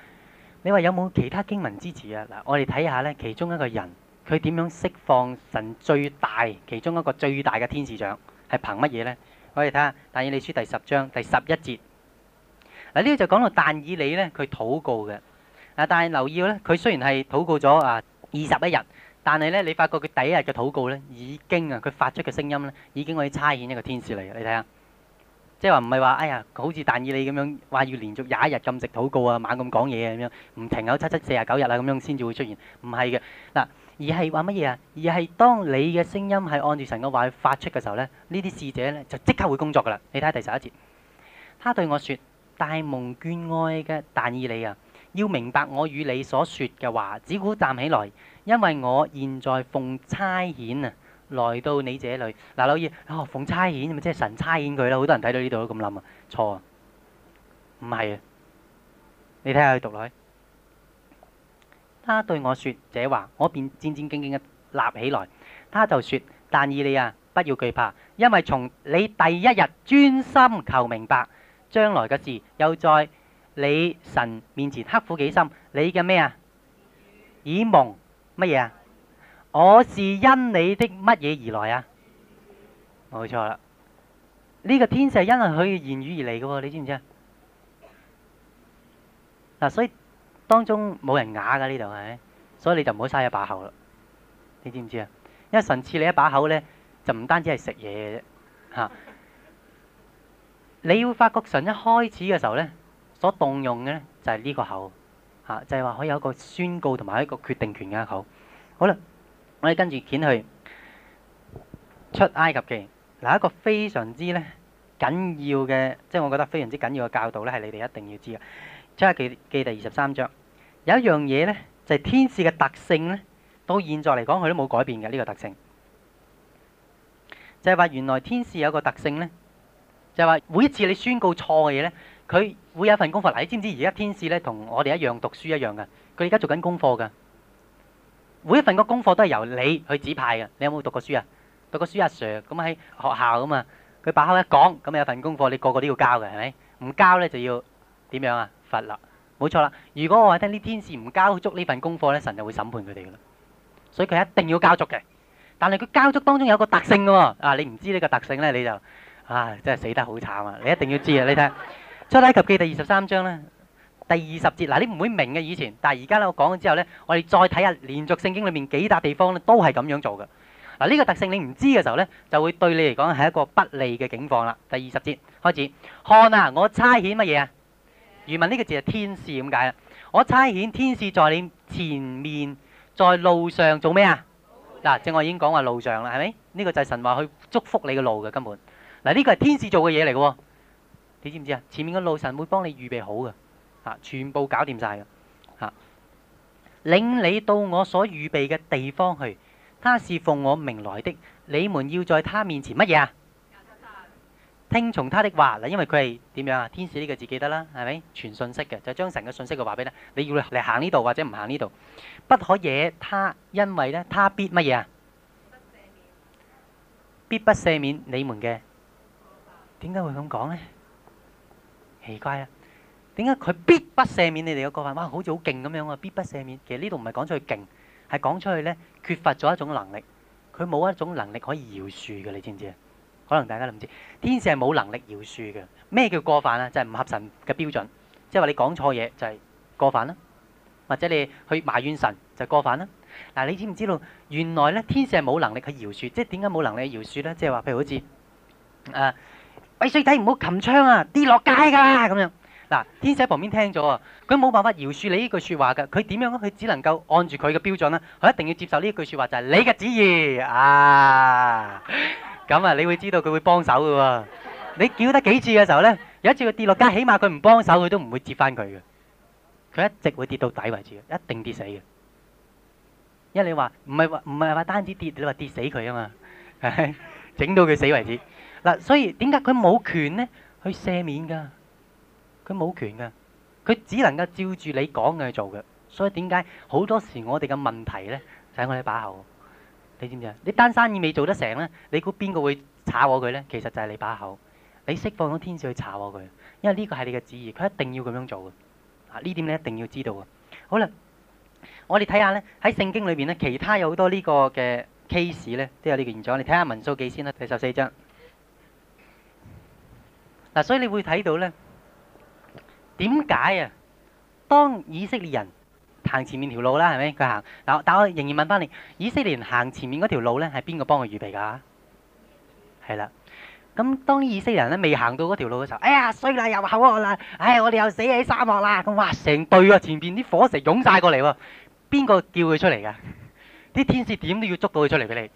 你話有冇其他經文支持啊？嗱，我哋睇下呢，其中一個人佢點樣釋放神最大，其中一個最大嘅天使長係憑乜嘢咧？我哋睇下《但以理書》第十章第十一節。嗱，呢個就講到但以理咧，佢禱告嘅。嗱，但係留意咧，佢雖然係禱告咗啊二十一日，但係咧，你發覺佢第一日嘅禱告咧，已經啊，佢發出嘅聲音咧，已經可以差遣一個天使嚟嘅。你睇下，即係話唔係話哎呀，好似但以理咁樣話要連續廿一日禁食禱告啊，猛咁講嘢啊，咁樣唔停啊，七七四十九日啊，咁樣先至會出現。唔係嘅，嗱。而係話乜嘢啊？而係當你嘅聲音係按住神嘅話去發出嘅時候咧，呢啲使者咧就即刻會工作噶啦。你睇下第十一節，他對我説：大蒙眷愛嘅但以理啊，要明白我與你所説嘅話，只管站起來，因為我現在奉差遣啊，來到你這裏。嗱，留意啊，奉差遣咪即係神差遣佢咯。好多人睇到呢度都咁諗啊，錯啊，唔係啊，你睇下佢讀落去。他對我說這話，我便戰戰兢兢嘅立起來。他就說：但以理，不要懼怕，因為從你第一日專心求明白將來嘅事，又在你神面前刻苦己心，你嘅咩啊？以蒙乜嘢啊？我是因你的乜嘢而來啊？冇錯啦，呢個天使係因為佢言語而嚟嘅，你知唔知啊？嗱，所以。當中冇人啞噶，呢度係，所以你就唔好嘥一把口啦。你知唔知啊？因為神賜你一把口呢，就唔單止係食嘢嘅啫嚇。你會發覺神一開始嘅時候呢，所動用嘅呢，就係、是、呢個口嚇、啊，就係、是、話可以有一個宣告同埋一個決定權嘅口。好啦，我哋跟住卷去出埃及記嗱，一個非常之呢緊要嘅，即、就、係、是、我覺得非常之緊要嘅教導呢，係你哋一定要知嘅。即係記記第二十三章，有一樣嘢呢，就係、是、天使嘅特性呢。到現在嚟講，佢都冇改變嘅呢、這個特性，就係、是、話原來天使有個特性呢，就係、是、話每一次你宣告錯嘅嘢呢，佢會有一份功課。你知唔知而家天使呢，同我哋一樣讀書一樣噶？佢而家做緊功課噶，每一份個功課都係由你去指派嘅。你有冇讀過書啊？讀過書阿、啊、Sir 咁喺學校噶嘛？佢把口一講咁有份功課，你個個都要交嘅係咪？唔交呢，就要點樣啊？啦，冇錯啦。如果我話聽啲天使唔交足呢份功課咧，神就會審判佢哋噶啦。所以佢一定要交足嘅。但係佢交足當中有個特性嘅，啊，你唔知呢個特性咧，你就啊，真係死得好慘啊！你一定要知啊。你睇出埃及記第二十三章咧，第二十節嗱，你唔會明嘅以前，但係而家咧我講咗之後咧，我哋再睇下連續聖經裏面幾笪地方咧都係咁樣做噶。嗱，呢個特性你唔知嘅時候咧，就會對你嚟講係一個不利嘅境況啦。第二十節開始，看啊，我差遣乜嘢啊？漁民呢個字係天使咁解啊。我差遣天使在你前面，在路上做咩啊？嗱，正我已經講話路上啦，係咪？呢、這個就係神話去祝福你嘅路嘅根本。嗱、啊，呢、這個係天使做嘅嘢嚟嘅，你知唔知啊？前面嘅路神會幫你預備好嘅，吓、啊，全部搞掂晒嘅，吓、啊，領你到我所預備嘅地方去。他是奉我名來的，你們要在他面前乜嘢啊？聽從他的話啦，因為佢係點樣啊？天使呢個字記得啦，係咪傳信息嘅？就將神嘅信息就話俾你，你要嚟行呢度或者唔行呢度，不可惹他，因為咧他必乜嘢啊？必不赦免你們嘅。點解會咁講呢？奇怪啊！點解佢必不赦免你哋嘅過犯？哇，好似好勁咁樣啊！必不赦免，其實呢度唔係講出去勁，係講出去咧缺乏咗一種能力，佢冇一種能力可以饒恕嘅，你知唔知啊？可能大家唔知，天使係冇能力饒恕嘅。咩叫過犯啊？就係、是、唔合神嘅標準，即、就、係、是、話你講錯嘢就係過犯啦、啊，或者你去埋怨神就過犯啦、啊。嗱、啊，你知唔知道原來咧，天使係冇能力去饒恕，即係點解冇能力去饒恕咧？即係話譬如好似誒，喂、啊、衰仔唔好擒牆啊，跌落街㗎咁、啊、樣。嗱、啊，天使喺旁邊聽咗啊，佢冇辦法饒恕你句呢句説話㗎。佢點樣？佢只能夠按住佢嘅標準啦。佢一定要接受呢句説話就係、是、你嘅旨意啊。咁啊，你會知道佢會幫手㗎喎。你叫得幾次嘅時候呢，有一次佢跌落街，起碼佢唔幫手，佢都唔會接返佢嘅。佢一直會跌到底為止，一定跌死嘅。因為你話唔係話唔係話單止跌，你話跌死佢啊嘛，係整到佢死為止。嗱，所以點解佢冇權呢去赦免㗎？佢冇權㗎。佢只能夠照住你講嘅去做嘅。所以點解好多時我哋嘅問題呢，就係我哋把口。你知唔知啊？你單生意未做得成咧，你估邊個會查我佢咧？其實就係你把口，你釋放咗天使去查我佢，因為呢個係你嘅旨意，佢一定要咁樣做啊！呢點你一定要知道啊！好啦，我哋睇下咧，喺聖經裏邊咧，其他有好多呢個嘅 case 咧，都有呢個現象。你睇下民數記先啦，第十四章。嗱，所以你會睇到咧，點解啊？當以色列人行前面條路啦，係咪？佢行，但但我仍然問翻你，以色列人行前面嗰條路呢，係邊個幫佢預備噶？係啦，咁當以色列人咧未行到嗰條路嘅時候，哎呀衰啦，又口渴啦，哎我哋又死喺沙漠啦，咁哇成隊啊前邊啲火石湧晒過嚟喎，邊個叫佢出嚟噶？啲天使點都要捉到佢出嚟俾你？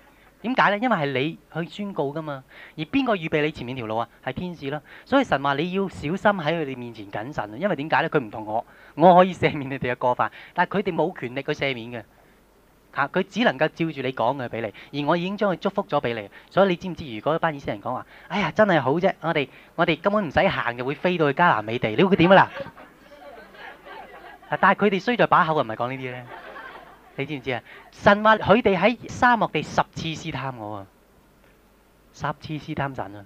點解呢？因為係你去宣告噶嘛，而邊個預備你前面條路啊？係天使啦，所以神話你要小心喺佢哋面前謹慎啊，因為點解呢？佢唔同我。我可以赦免你哋嘅過犯，但係佢哋冇權力去赦免嘅，㗎、啊、佢只能夠照住你講嘅俾你，而我已經將佢祝福咗俾你，所以你知唔知如果一班以色列人講話，哎呀真係好啫，我哋我哋根本唔使行嘅，會飛到去迦南美地，你會點啊啦、 啊？但係佢哋衰在把口，唔係講呢啲呢。你知唔知啊？神話佢哋喺沙漠地十次試探我喎，十次試探神啊！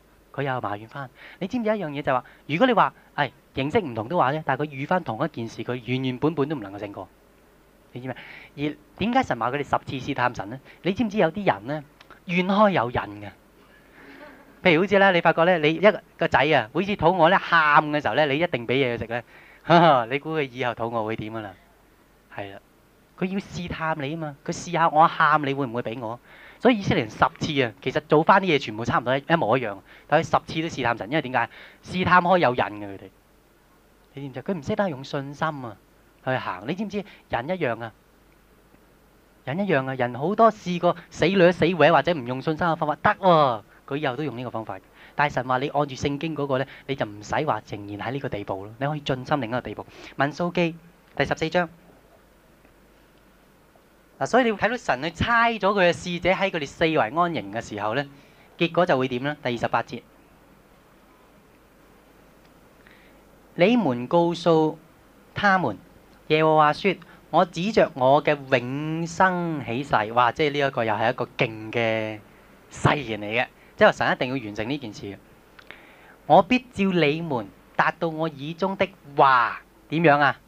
佢又埋怨翻，你知唔知一樣嘢就係、是、話，如果你話係、哎、形式唔同都話咧，但係佢遇翻同一件事，佢原原本本都唔能夠勝過，你知咩？而點解神話佢哋十次試探神呢？你知唔知有啲人呢，怨開有癮嘅？譬 如好似咧，你發覺咧，你一個仔啊，每次肚餓咧喊嘅時候咧，你一定俾嘢佢食咧，你估佢以後肚餓會點啊啦？係啦，佢要試探你啊嘛，佢試下我喊你會唔會俾我？所以以色列人十次啊，其實做翻啲嘢全部差唔多一模一樣，但佢十次都試探神，因為點解？試探開有癮嘅佢哋，你知唔知？佢唔識得用信心啊去行，你知唔知？人一樣啊，人一樣啊，人好多試過死女、死委或者唔用信心嘅方法得喎，佢、啊、以後都用呢個方法。但神話你按住聖經嗰、那個咧，你就唔使話仍然喺呢個地步咯，你可以進心另一個地步。民數記第十四章。所以你會睇到神去猜咗佢嘅使者喺佢哋四圍安營嘅時候，呢結果就會點呢？第二十八節，你們告訴他們，耶和華說：我指着我嘅永生起誓，話即係呢一個又係一個勁嘅誓言嚟嘅，即係神一定要完成呢件事。我必照你們達到我耳中的話，點樣啊？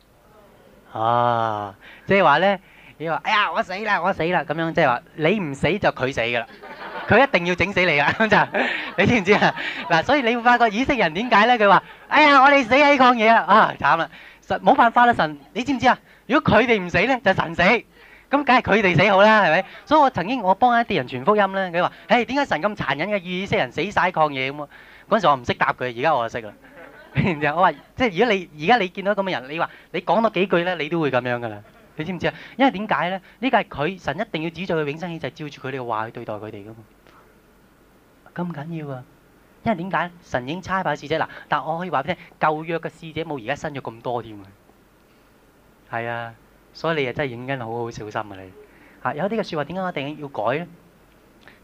啊，即係話呢。」佢話：哎呀，我死啦，我死啦！咁樣即係話，你唔死就佢死噶啦，佢一定要整死你噶咁就，你知唔知啊？嗱，所以你會發覺以色列人點解咧？佢話：哎呀，我哋死喺抗嘢啊！啊，慘啦！神冇辦法啦，神，你知唔知啊？如果佢哋唔死咧，就神死，咁梗係佢哋死好啦，係咪？所以我曾經我幫一啲人傳福音咧，佢話：誒，點解神咁殘忍嘅，以色列人死曬抗嘢咁啊？嗰陣時我唔識答佢，而家我就識啦。然之後我話：即係如果你而家你見到咁嘅人，你話你講多幾句咧，你都會咁樣噶啦。你知唔知啊？因為點解咧？呢個係佢神一定要指住佢永生，就係照住佢哋嘅話去對待佢哋噶嘛？咁緊要啊！因為點解神已經差派使者嗱？但我可以話俾你聽，舊約嘅使者冇而家新約咁多添啊！係啊，所以你又真係影緊好好小心嘅你嚇。有啲嘅説話點解我哋一定要改咧？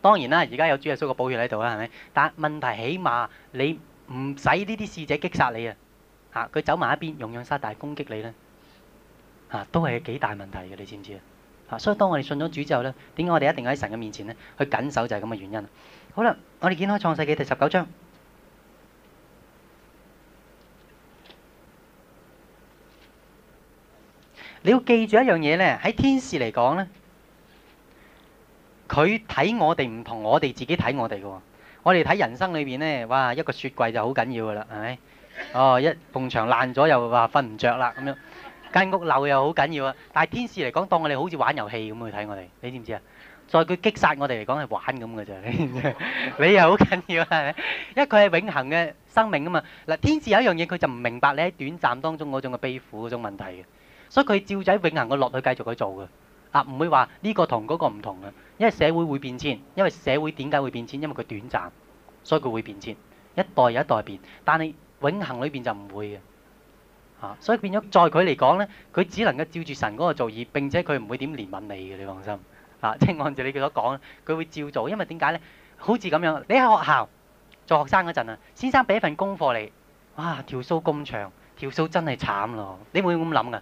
當然啦，而家有主耶穌嘅保衞喺度啦，係咪？但問題起碼你唔使呢啲使者擊殺你啊！嚇，佢走埋一邊，用樣沙大攻擊你咧。嚇、啊，都係幾大問題嘅，你知唔知啊？嚇，所以當我哋信咗主之後呢，點解我哋一定要喺神嘅面前呢？去緊守就係咁嘅原因。好啦，我哋見開創世記第十九章。你要記住一樣嘢呢，喺天使嚟講呢，佢睇我哋唔同我哋自己睇我哋嘅。我哋睇人生裏邊呢，哇，一個雪櫃就好緊要嘅啦，係咪？哦，一埲牆爛咗又話瞓唔着啦咁樣。間屋樓又好緊要啊，但係天使嚟講，當我哋好似玩遊戲咁去睇我哋，你知唔知啊？再佢擊殺我哋嚟講係玩咁嘅啫，你又好緊要啊，係咪？因為佢係永恆嘅生命啊嘛。嗱，天使有一樣嘢佢就唔明白，你喺短暫當中嗰種嘅悲苦嗰種問題嘅，所以佢照住永恆嘅落去繼續去做嘅。啊，唔會話呢個同嗰個唔同啊，因為社會會變遷，因為社會點解會變遷？因為佢短暫，所以佢會變遷，一代又一代變，但係永恆裏邊就唔會嘅。啊，所以變咗，在佢嚟講咧，佢只能夠照住神嗰個做而，並且佢唔會點憐憫你嘅，你放心。啊，即係按照你佢所講，佢會照做，因為點解咧？好似咁樣，你喺學校做學生嗰陣啊，先生俾一份功課你，哇、啊，條數咁長，條數真係慘咯，你會唔會咁諗㗎？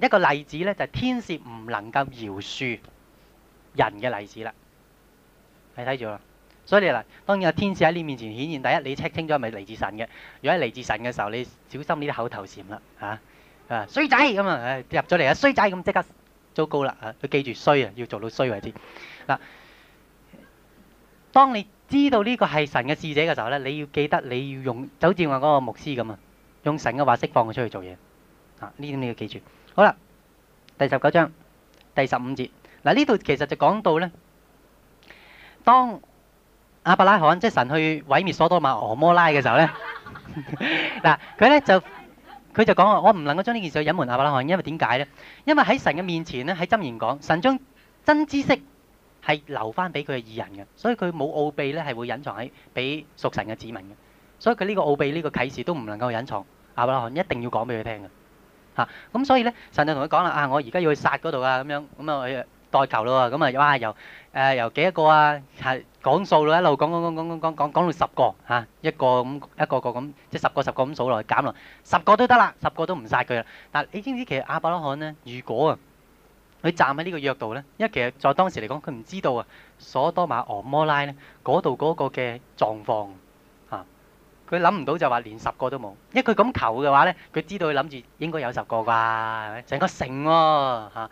一個例子咧，就係、是、天使唔能夠饒恕人嘅例子啦。你睇住啦，所以你嗱，當然個天使喺你面前顯現，第一你 check 清，清楚係咪嚟自神嘅。如果係嚟自神嘅時候，你小心呢啲口頭禪啦嚇啊，衰仔咁啊，入咗嚟啊，衰仔咁即刻糟糕啦啊！要記住衰啊，要做到衰為止嗱、啊。當你知道呢個係神嘅使者嘅時候咧，你要記得你要用，就好似我嗰個牧師咁啊，用神嘅話釋放佢出去做嘢。呢點你要記住。好啦，第十九章第十五節嗱，呢度其實就講到咧，當亞伯拉罕即係神去毀滅所多瑪俄摩拉嘅時候咧，嗱佢咧就佢就講我唔能夠將呢件事隱瞞亞伯拉罕，因為點解咧？因為喺神嘅面前咧，喺箴言講，神將真知識係留翻俾佢嘅義人嘅，所以佢冇奧秘咧係會隱藏喺俾屬神嘅子民嘅，所以佢呢個奧秘呢個啟示都唔能夠隱藏，亞伯拉罕一定要講俾佢聽嘅。嚇！咁所以咧，神就同佢講啦：啊，我而家要去殺嗰度啊！咁樣，咁啊，代求咯喎！咁啊，哇，又誒，又幾多個啊？係講數咯，一路講講講講講講講講到十個嚇，一個咁一個個咁，即係十個十個咁數落去減落，十個都得啦，十個都唔殺佢啦。但係你知唔知其實亞伯拉罕咧，如果啊，佢站喺呢個角度咧，因為其實在當時嚟講，佢唔知道啊，所多瑪蛾摩拉咧嗰度嗰個嘅狀況。佢諗唔到就話連十個都冇，因為佢咁求嘅話咧，佢知道佢諗住應該有十個啩，成個城喎嚇。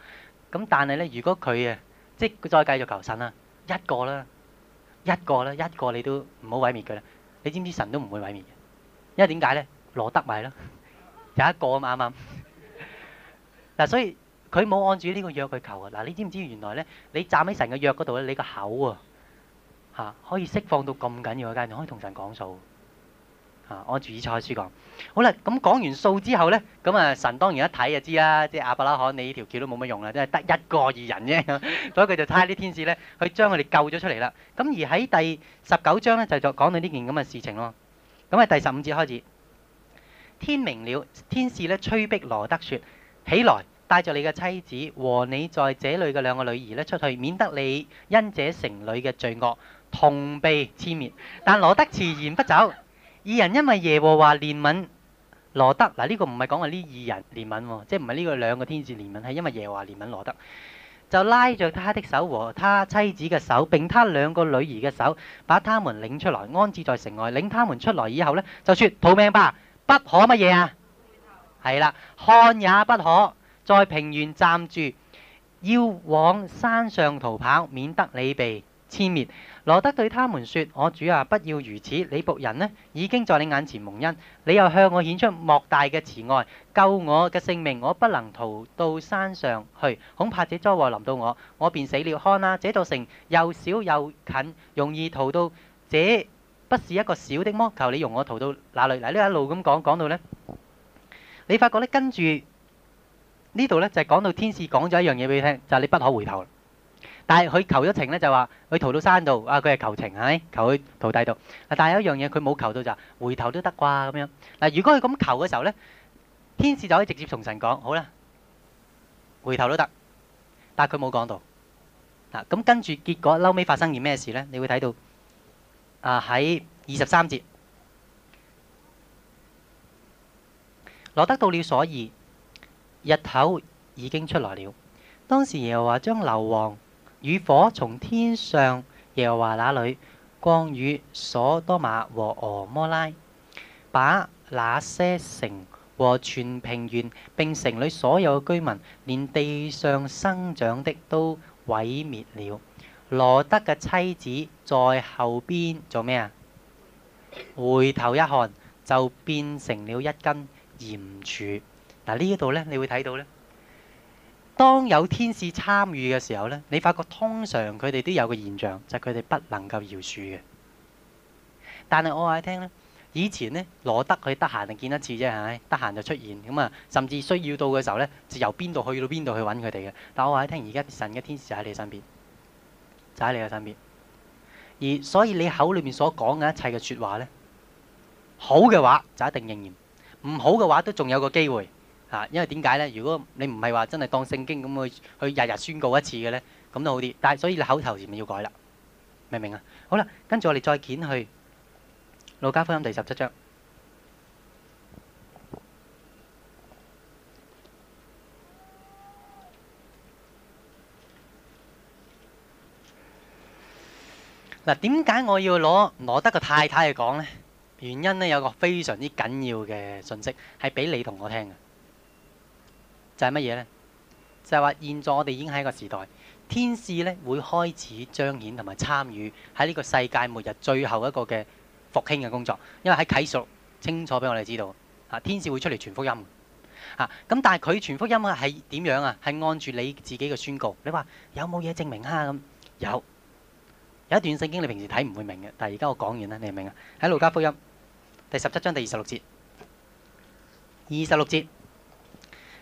咁但係咧，如果佢啊即係再繼續求神啦，一個啦，一個啦，一個你都唔好毀滅佢啦。你知唔知神都唔會毀滅嘅？因為點解咧？羅得咪啦，有一個啊嘛啱啱嗱，所以佢冇按住呢個約去求啊。嗱，你知唔知原來咧，你站喺神嘅約嗰度咧，你個口啊嚇可以釋放到咁緊要嘅階段，可以同神講數。我、啊、按主意賽書講好啦，咁、嗯、講完數之後呢，咁、嗯、啊神當然一睇就知啦，即係阿伯拉罕，你條橋都冇乜用啦，即係得一個義人啫。 所以佢就差啲天使呢去將佢哋救咗出嚟啦。咁、嗯、而喺第十九章呢，就就講到呢件咁嘅事情咯。咁、嗯、係第十五節開始，天明了，天使呢催逼羅德説：起來，帶著你嘅妻子和你在這裏嘅兩個女兒呢出去，免得你因這城裏嘅罪惡同被殲滅。但羅德遲延不走。二人因為耶和華憐憫羅德，嗱、這、呢個唔係講話呢二人憐憫喎，即係唔係呢個兩個天使憐憫，係因為耶和華憐憫羅德，就拉著他的手和他妻子嘅手，並他兩個女兒嘅手，把他們領出來安置在城外。領他們出來以後呢，就説：逃命吧，不可乜嘢啊？係啦，看也不可，在平原站住，要往山上逃跑，免得你被殲滅。羅得對他們說：我主啊，不要如此！你僕人呢，已經在你眼前蒙恩，你又向我顯出莫大嘅慈愛，救我嘅性命。我不能逃到山上去，恐怕這災禍臨到我，我便死了看、啊。看啦，這座城又小又近，容易逃到。這不是一個小的麼？求你容我逃到哪裏？嗱，呢一路咁講，講到呢，你發覺呢，跟住呢度呢，就係、是、講到天使講咗一樣嘢俾你聽，就係、是、你不可回頭。但係佢求咗情咧，就話佢逃到山度啊！佢係求情，係求佢逃低度啊。但係有一樣嘢佢冇求到，就係回頭都得啩咁樣嗱。如果佢咁求嘅時候咧，天使就可以直接從神講好啦，回頭都得，但係佢冇講到嗱。咁跟住結果嬲尾發生件咩事咧？你會睇到啊，喺二十三節，羅得到了瑣珥，日頭已經出來了。當時又話將硫磺。與火從天上，又話那裏降雨所多瑪和俄摩拉，把那些城和全平原並城裏所有居民，連地上生長的都毀滅了。羅德嘅妻子在後邊做咩啊？回頭一看，就變成了一根鹽柱。嗱、啊，呢度呢，你會睇到呢。當有天使參與嘅時候呢，你發覺通常佢哋都有個現象，就係佢哋不能夠饒恕嘅。但係我話你聽咧，以前呢，羅德佢得閒就見一次啫，係咪？得閒就出現，咁啊，甚至需要到嘅時候呢，就由邊度去到邊度去搵佢哋嘅。但係我話你聽，而家神嘅天使就喺你身邊，就喺你嘅身邊。而所以你口裏面所講嘅一切嘅說話呢，好嘅話就一定應驗，唔好嘅話都仲有個機會。啊，因為點解咧？如果你唔係話真係當聖經咁去去日日宣告一次嘅咧，咁都好啲。但係所以你口頭詞咪要改啦，明唔明啊？好啦，跟住我哋再剪去路加福音第十七章。嗱，點解我要攞羅得個太太嚟講咧？原因咧有個非常之緊要嘅信息係俾你同我聽嘅。就係乜嘢呢？就係話現在我哋已經喺一個時代，天使咧會開始彰顯同埋參與喺呢個世界末日最後一個嘅復興嘅工作。因為喺啟示錄清楚俾我哋知道，啊，天使會出嚟傳福音。咁、啊、但係佢傳福音啊係點樣啊？係按住你自己嘅宣告。你話有冇嘢證明啊？咁有有一段聖經你平時睇唔會明嘅，但係而家我講完啦，你明啊？喺路加福音第十七章第二十六節，二十六節。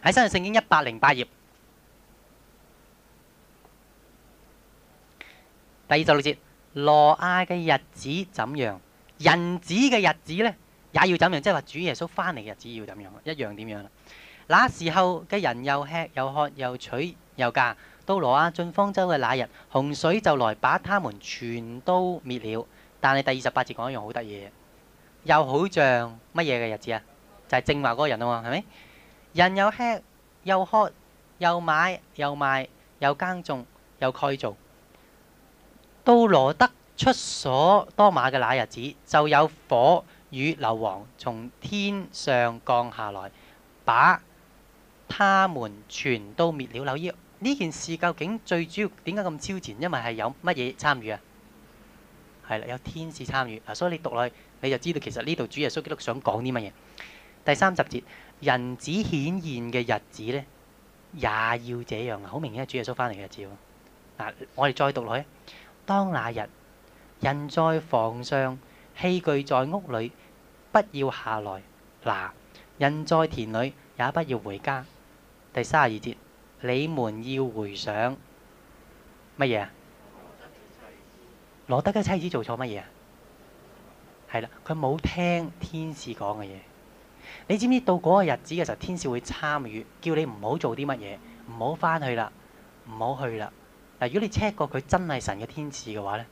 喺新約聖經一百零八頁，第二十六節，羅亞嘅日子怎樣？人子嘅日子呢，也要怎樣？即係話主耶穌翻嚟嘅日子要點樣？一樣點樣啦？那時候嘅人又吃又喝又娶又嫁，到羅亞進方舟嘅那日，洪水就來把他們全都滅了。但係第二十八節講一樣好得意嘅，又好像乜嘢嘅日子啊？就係正話嗰個人啊嘛，係咪？人又吃又喝又買又賣又耕種又蓋造，到羅得出所多瑪嘅那日子，就有火與硫磺從天上降下來，把他們全都滅了柳腰。留意呢件事究竟最主要點解咁超前？因為係有乜嘢參與啊？係啦，有天使參與啊！所以你讀落去你就知道，其實呢度主耶穌基督想講啲乜嘢。第三十節。人子顯現嘅日子呢，也要這樣，好明顯係主耶穌翻嚟嘅日子。嗱，我哋再讀落去，當那日人在房上，器具在屋裏，不要下來；嗱，人在田裏，也不要回家。第三十二節，你們要回想乜嘢啊？羅德嘅妻子做錯乜嘢啊？係啦，佢冇聽天使講嘅嘢。你知唔知到嗰個日子嘅時候，天使會參與，叫你唔好做啲乜嘢，唔好翻去啦，唔好去啦。嗱、啊，如果你 check 過佢真係神嘅天使嘅話咧，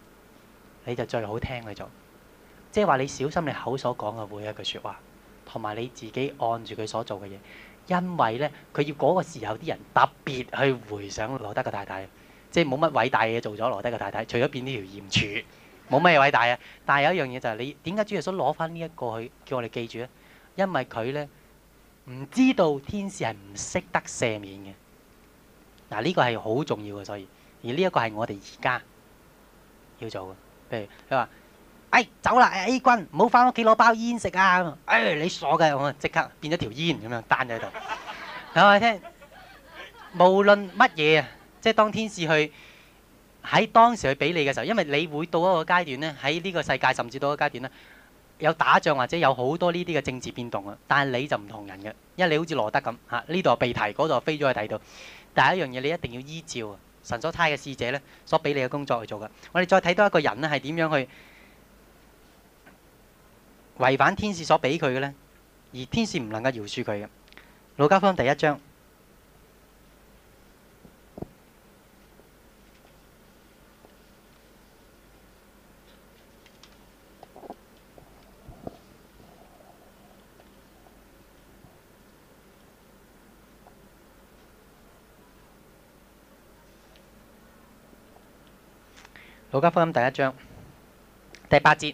你就最好聽佢做。即係話你小心你口所講嘅每一句説話，同埋你自己按住佢所做嘅嘢，因為咧佢要嗰個時候啲人特別去回想羅德嘅太太，即係冇乜偉大嘢做咗羅德嘅太太，除咗變呢條鹽柱，冇乜嘢偉大啊。但係有一樣嘢就係你點解主要想攞翻呢一個去叫我哋記住咧？因為佢咧唔知道天使係唔識得赦免嘅，嗱呢個係好重要嘅，所以而呢一個係我哋而家要做嘅。譬如佢話：哎走啦，A 君，唔好返屋企攞包煙食啊！哎你傻嘅，我即刻變咗條煙咁樣彈喺度。我話你聽，無論乜嘢啊，即係當天使去喺當時去俾你嘅時候，因為你會到一個階段咧，喺呢個世界甚至到一個階段咧。有打仗或者有好多呢啲嘅政治變動啊，但係你就唔同人嘅，因為你好似羅德咁，吓，呢度被提嗰度飛咗去第二度。第一樣嘢你一定要依照啊神所差嘅使者咧所俾你嘅工作去做嘅。我哋再睇多一個人咧，係點樣去違反天使所俾佢嘅咧，而天使唔能夠饒恕佢嘅。路加福音，第一章。《路加福音》第一章第八節，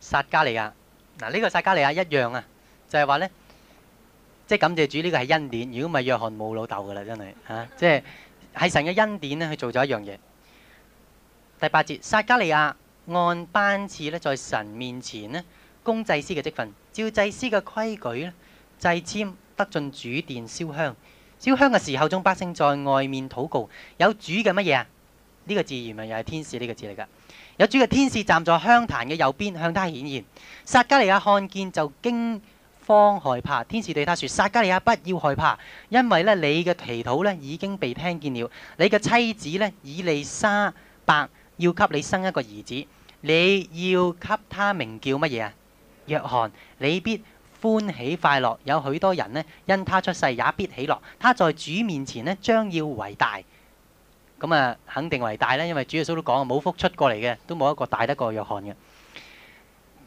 撒加利亞嗱，呢個撒加利亞一樣啊，就係話呢，即係感謝主呢個係恩典。如果唔係，約翰冇老豆噶啦，真係嚇。即係喺神嘅恩典呢去做咗一樣嘢。第八節，撒加利亞按班次呢，在神面前呢，供祭司嘅職份，照祭司嘅規矩呢，祭籤得進主殿燒香。燒香嘅時候，眾百姓在外面禱告，有主嘅乜嘢啊？呢個字原來又係天使呢個字嚟㗎。有主嘅天使站在香壇嘅右邊，向他顯現。撒加利亞看見就驚慌害怕。天使對他説：撒加利亞，不要害怕，因為咧你嘅祈禱咧已經被聽見了。你嘅妻子咧，以利沙白要給你生一個兒子。你要給他名叫乜嘢啊？約翰，你必歡喜快樂。有許多人咧因他出世也必喜樂。他在主面前咧將要為大。咁啊、嗯，肯定為大啦，因為主耶穌都講母腹出過嚟嘅，都冇一個大得過約翰嘅。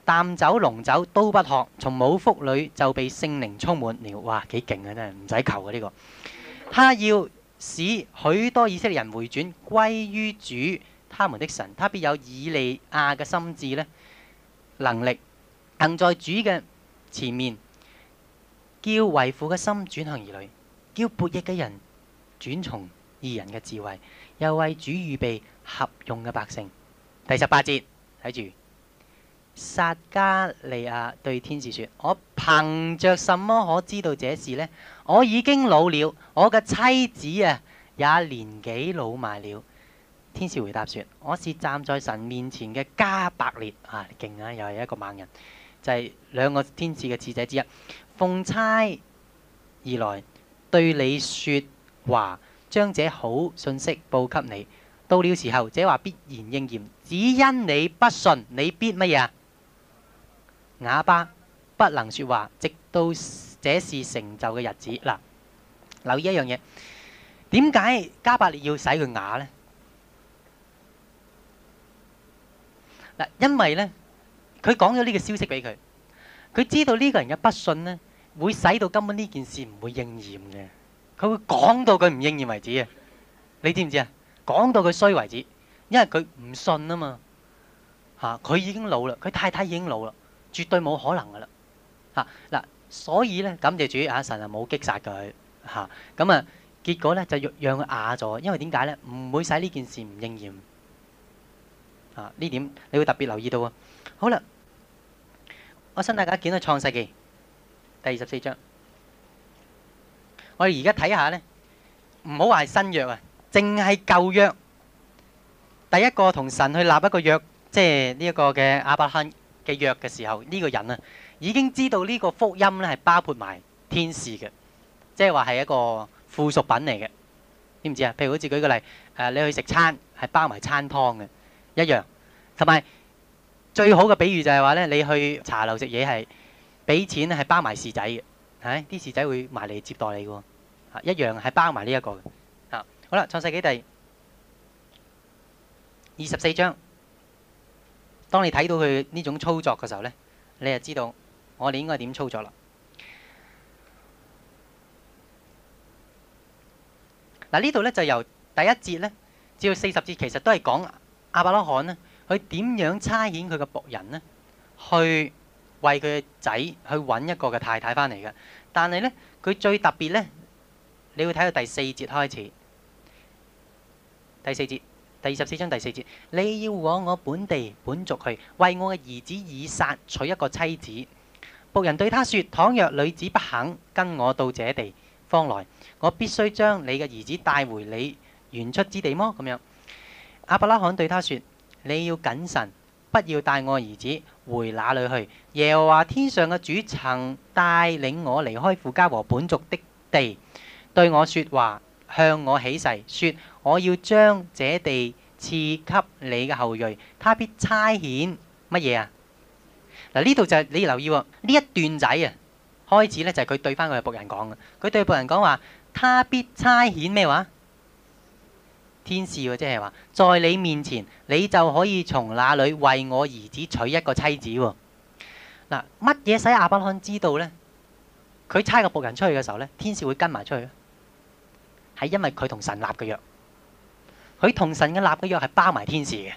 淡酒濃酒都不喝，從母腹裏就被聖靈充滿。哇，幾勁啊！真係唔使求嘅、啊、呢、這個。他要使許多以色列人回轉歸於主，他們的神。他必有以利亞嘅心志，咧，能力行在主嘅前面，叫為父嘅心轉向兒女，叫悖逆嘅人轉從義人嘅智慧。又為主預備合用嘅百姓。第十八節睇住，撒加利亞對天使說，我憑着什麼可知道這事呢？我已經老了，我嘅妻子啊也年紀老邁了。天使回答說：我是站在神面前嘅加百列啊，勁啊，又係一個猛人，就係、是、兩個天使嘅使者之一，奉差而來對你說話，將這好信息報給你，到了時候，這話必然應驗，只因你不信，你必乜嘢？啞巴不能說話，直到這事成就嘅日子。嗱，留意一樣嘢，點解加百列要使佢啞呢？嗱，因為呢，佢講咗呢個消息俾佢，佢知道呢個人嘅不信呢，會使到根本呢件事唔會應驗嘅。佢會講到佢唔應驗為止嘅，你知唔知啊？講到佢衰為止，因為佢唔信啊嘛。吓，佢已經老啦，佢太太已經老啦，絕對冇可能噶啦。吓嗱，所以咧感謝主啊，神啊冇擊殺佢吓，咁啊結果咧就讓佢啞咗，因為點解咧？唔會使呢件事唔應驗啊！呢點你會特別留意到啊。好啦，我想大家見到創世記第二十四章。我而家睇下呢，唔好話係新約啊，淨係舊約。第一個同神去立一個約，即係呢一個嘅阿伯亨嘅約嘅時候，呢、這個人啊已經知道呢個福音呢係包括埋天使嘅，即係話係一個附屬品嚟嘅，知唔知啊？譬如好似舉個例，誒、啊、你去食餐係包埋餐湯嘅一樣，同埋最好嘅比喻就係話呢，你去茶樓食嘢係俾錢係包埋侍仔嘅。係，啲侍仔會埋嚟接待你嘅，啊，一樣係包埋呢一個嘅。啊，好啦，創世紀第二十四章，當你睇到佢呢種操作嘅時候咧，你就知道我哋應該點操作啦。嗱，呢度咧就由第一節咧至到四十節，其實都係講亞伯拉罕咧，佢點樣差遣佢嘅僕人咧去。為佢嘅仔去揾一個嘅太太翻嚟嘅，但係呢，佢最特別呢，你要睇到第四節開始。第四節，第二十四章第四節，你要往我本地本族去，為我嘅兒子以撒娶一個妻子。僕人對他說：倘若女子不肯跟我到這地方來，我必須將你嘅兒子帶回你原出之地麼？咁樣，亞伯拉罕對他說：你要謹慎，不要帶我嘅兒子。回哪裏去？耶和華天上嘅主曾帶領我離開父家和本族的地，對我說話，向我起誓，說我要將這地賜給你嘅後裔，他必差遣乜嘢啊？嗱，呢度就係、你要留意呢一段仔啊，開始呢就係佢對翻佢嘅僕人講嘅，佢對僕人講話，他必差遣咩話？天使喎，即係話，在你面前，你就可以從那裏為我兒子娶一個妻子喎。嗱，乜嘢使亞伯拉罕知道呢？佢差個僕人出去嘅時候呢，天使會跟埋出去咧，係因為佢同神立嘅約，佢同神嘅立嘅約係包埋天使嘅，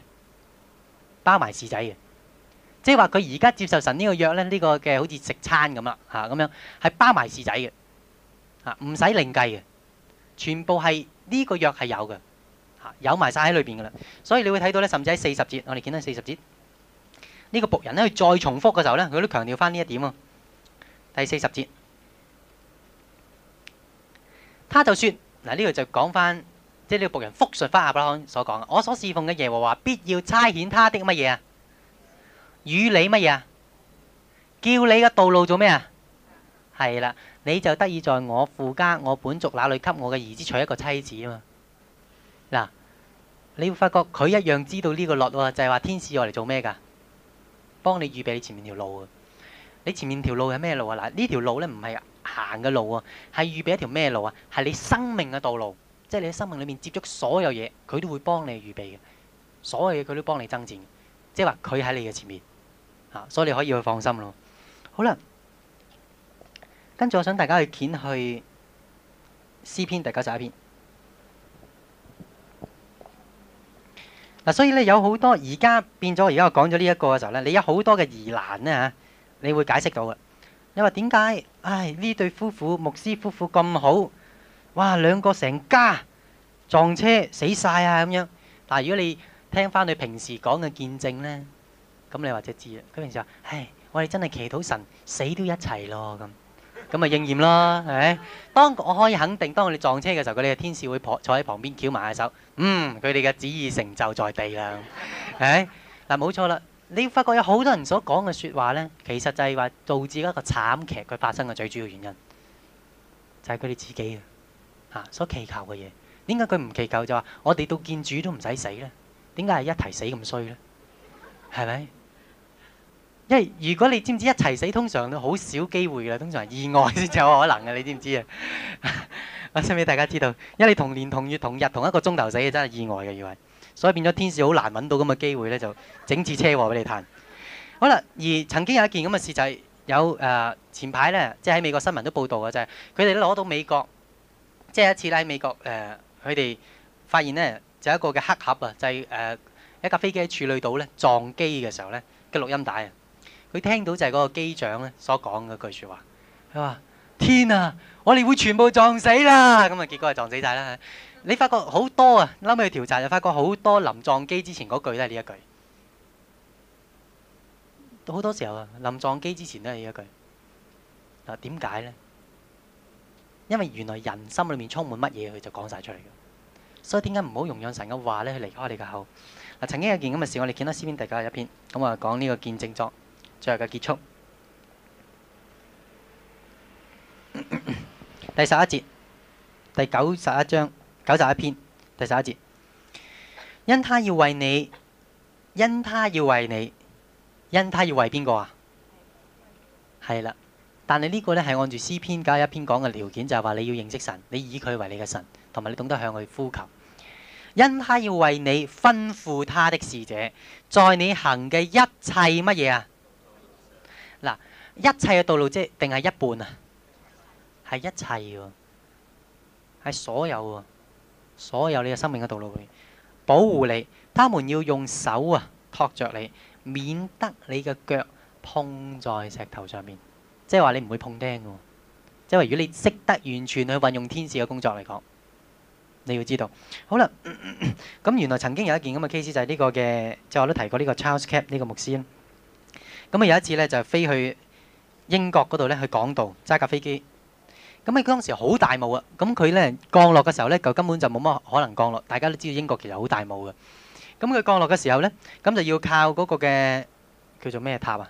包埋侍仔嘅，即係話佢而家接受神呢個約呢，呢、呢個嘅好似食餐咁啦吓，咁樣，係、啊、包埋侍仔嘅嚇，唔、啊、使另計嘅，全部係呢、呢個約係有嘅。有埋晒喺裏邊噶啦，所以你會睇到呢，甚至喺四十節，我哋見到四十節呢、這個僕人呢，佢再重複嘅時候呢，佢都強調翻呢一點啊、哦。第四十節，他就說：嗱，呢、這、度、個、就講翻，即係呢個僕人複述翻亞伯拉罕所講啊。我所侍奉嘅耶和華必要差遣他的乜嘢啊？與你乜嘢啊？叫你嘅道路做咩啊？係啦，你就得以在我父家我本族那裏，給我嘅兒子娶一個妻子啊嘛。你會發覺佢一樣知道呢個落喎，就係、是、話天使要嚟做咩㗎？幫你預備你前面條路啊！你前面條路係咩路啊？嗱，呢條路咧唔係行嘅路喎，係預備一條咩路啊？係、啊、你生命嘅道路，即係你喺生命裏面接觸所有嘢，佢都會幫你預備嘅，所有嘢佢都幫你爭戰，即係話佢喺你嘅前面嚇、啊，所以你可以去放心咯。好啦，跟住我想大家去掀去詩篇第九十一篇。嗱、啊，所以咧有好多而家變咗，而家我講咗呢一個嘅時候咧，你有好多嘅疑難咧嚇，你會解釋到嘅。你話點解？唉，呢對夫婦牧師夫婦咁好，哇，兩個成家撞車死晒啊咁樣。但係如果你聽翻你平時講嘅見證咧，咁你或者知啊。佢平時話，唉，我哋真係祈禱神死都一齊咯咁。咁咪應驗咯，係咪？當我可以肯定，當我哋撞車嘅時候，佢哋嘅天使會坐喺旁邊翹埋下手，嗯，佢哋嘅旨意成就在地啦，係咪？嗱，冇錯啦，你會發覺有好多人所講嘅説話呢，其實就係話導致一個慘劇佢發生嘅最主要原因，就係佢哋自己啊，所祈求嘅嘢。點解佢唔祈求就話我哋到見主都唔使死呢？點解係一提死咁衰呢？係咪？因為如果你知唔知一齊死通常都好少機會嘅，通常係意外先有可能嘅，你知唔知啊？ 我想俾大家知道，因為你同年同月同日同一個鐘頭死嘅真係意外嘅，以為，所以變咗天使，好難揾到咁嘅機會呢。就整次車禍俾你睇。好啦，而曾經有一件咁嘅事就係、是、有誒、呃、前排呢，即係喺美國新聞都報道嘅就係佢哋攞到美國，即係一次喺美國誒，佢、呃、哋發現呢，就有一個嘅黑盒啊，就係、是、誒、呃、一架飛機喺處女島呢撞機嘅時候呢，嘅錄音帶啊。佢聽到就係嗰個機長咧所講嗰句説話，佢話：天啊！我哋會全部撞死啦！咁啊，結果係撞死曬啦。你發覺好多啊，嬲尾去調查就發覺好多臨撞機之前嗰句都係呢一句，好多時候啊，臨撞機之前都係呢一句。嗱，點解咧？因為原來人心裏面充滿乜嘢，佢就講曬出嚟嘅。所以點解唔好容養神嘅話咧？去離開你嘅口嗱。曾經有件咁嘅事，我哋見到《詩篇》第九十一篇咁啊，我講呢個見證作。最後嘅結束，咳咳第十一節，第九十一章，九十一篇第十一節，因他要為你，因他要為你，因他要為邊個啊？係啦，但係呢個呢，係按住詩篇九一篇講嘅條件，就係話你要認識神，你以佢為你嘅神，同埋你懂得向佢呼求。因他要為你吩咐他的使者，在你行嘅一切乜嘢啊？一切嘅道路即係定係一半啊，係一切喎，係所有喎，所有你嘅生命嘅道路裏，保護你。他們要用手啊托著你，免得你嘅腳碰在石頭上面，即係話你唔會碰釘嘅。即係話如果你識得完全去運用天使嘅工作嚟講，你要知道。好啦，咁原來曾經有一件咁嘅 case 就係呢個嘅，即係我都提過呢個 Charles Capps 呢個牧師啦。咁啊有一次咧就飛去。英國嗰度咧去港島揸架飛機，咁啊當時好大霧啊，咁佢咧降落嘅時候咧就根本就冇乜可能降落，大家都知道英國其實好大霧嘅，咁佢降落嘅時候咧，咁就要靠嗰個嘅叫做咩塔啊？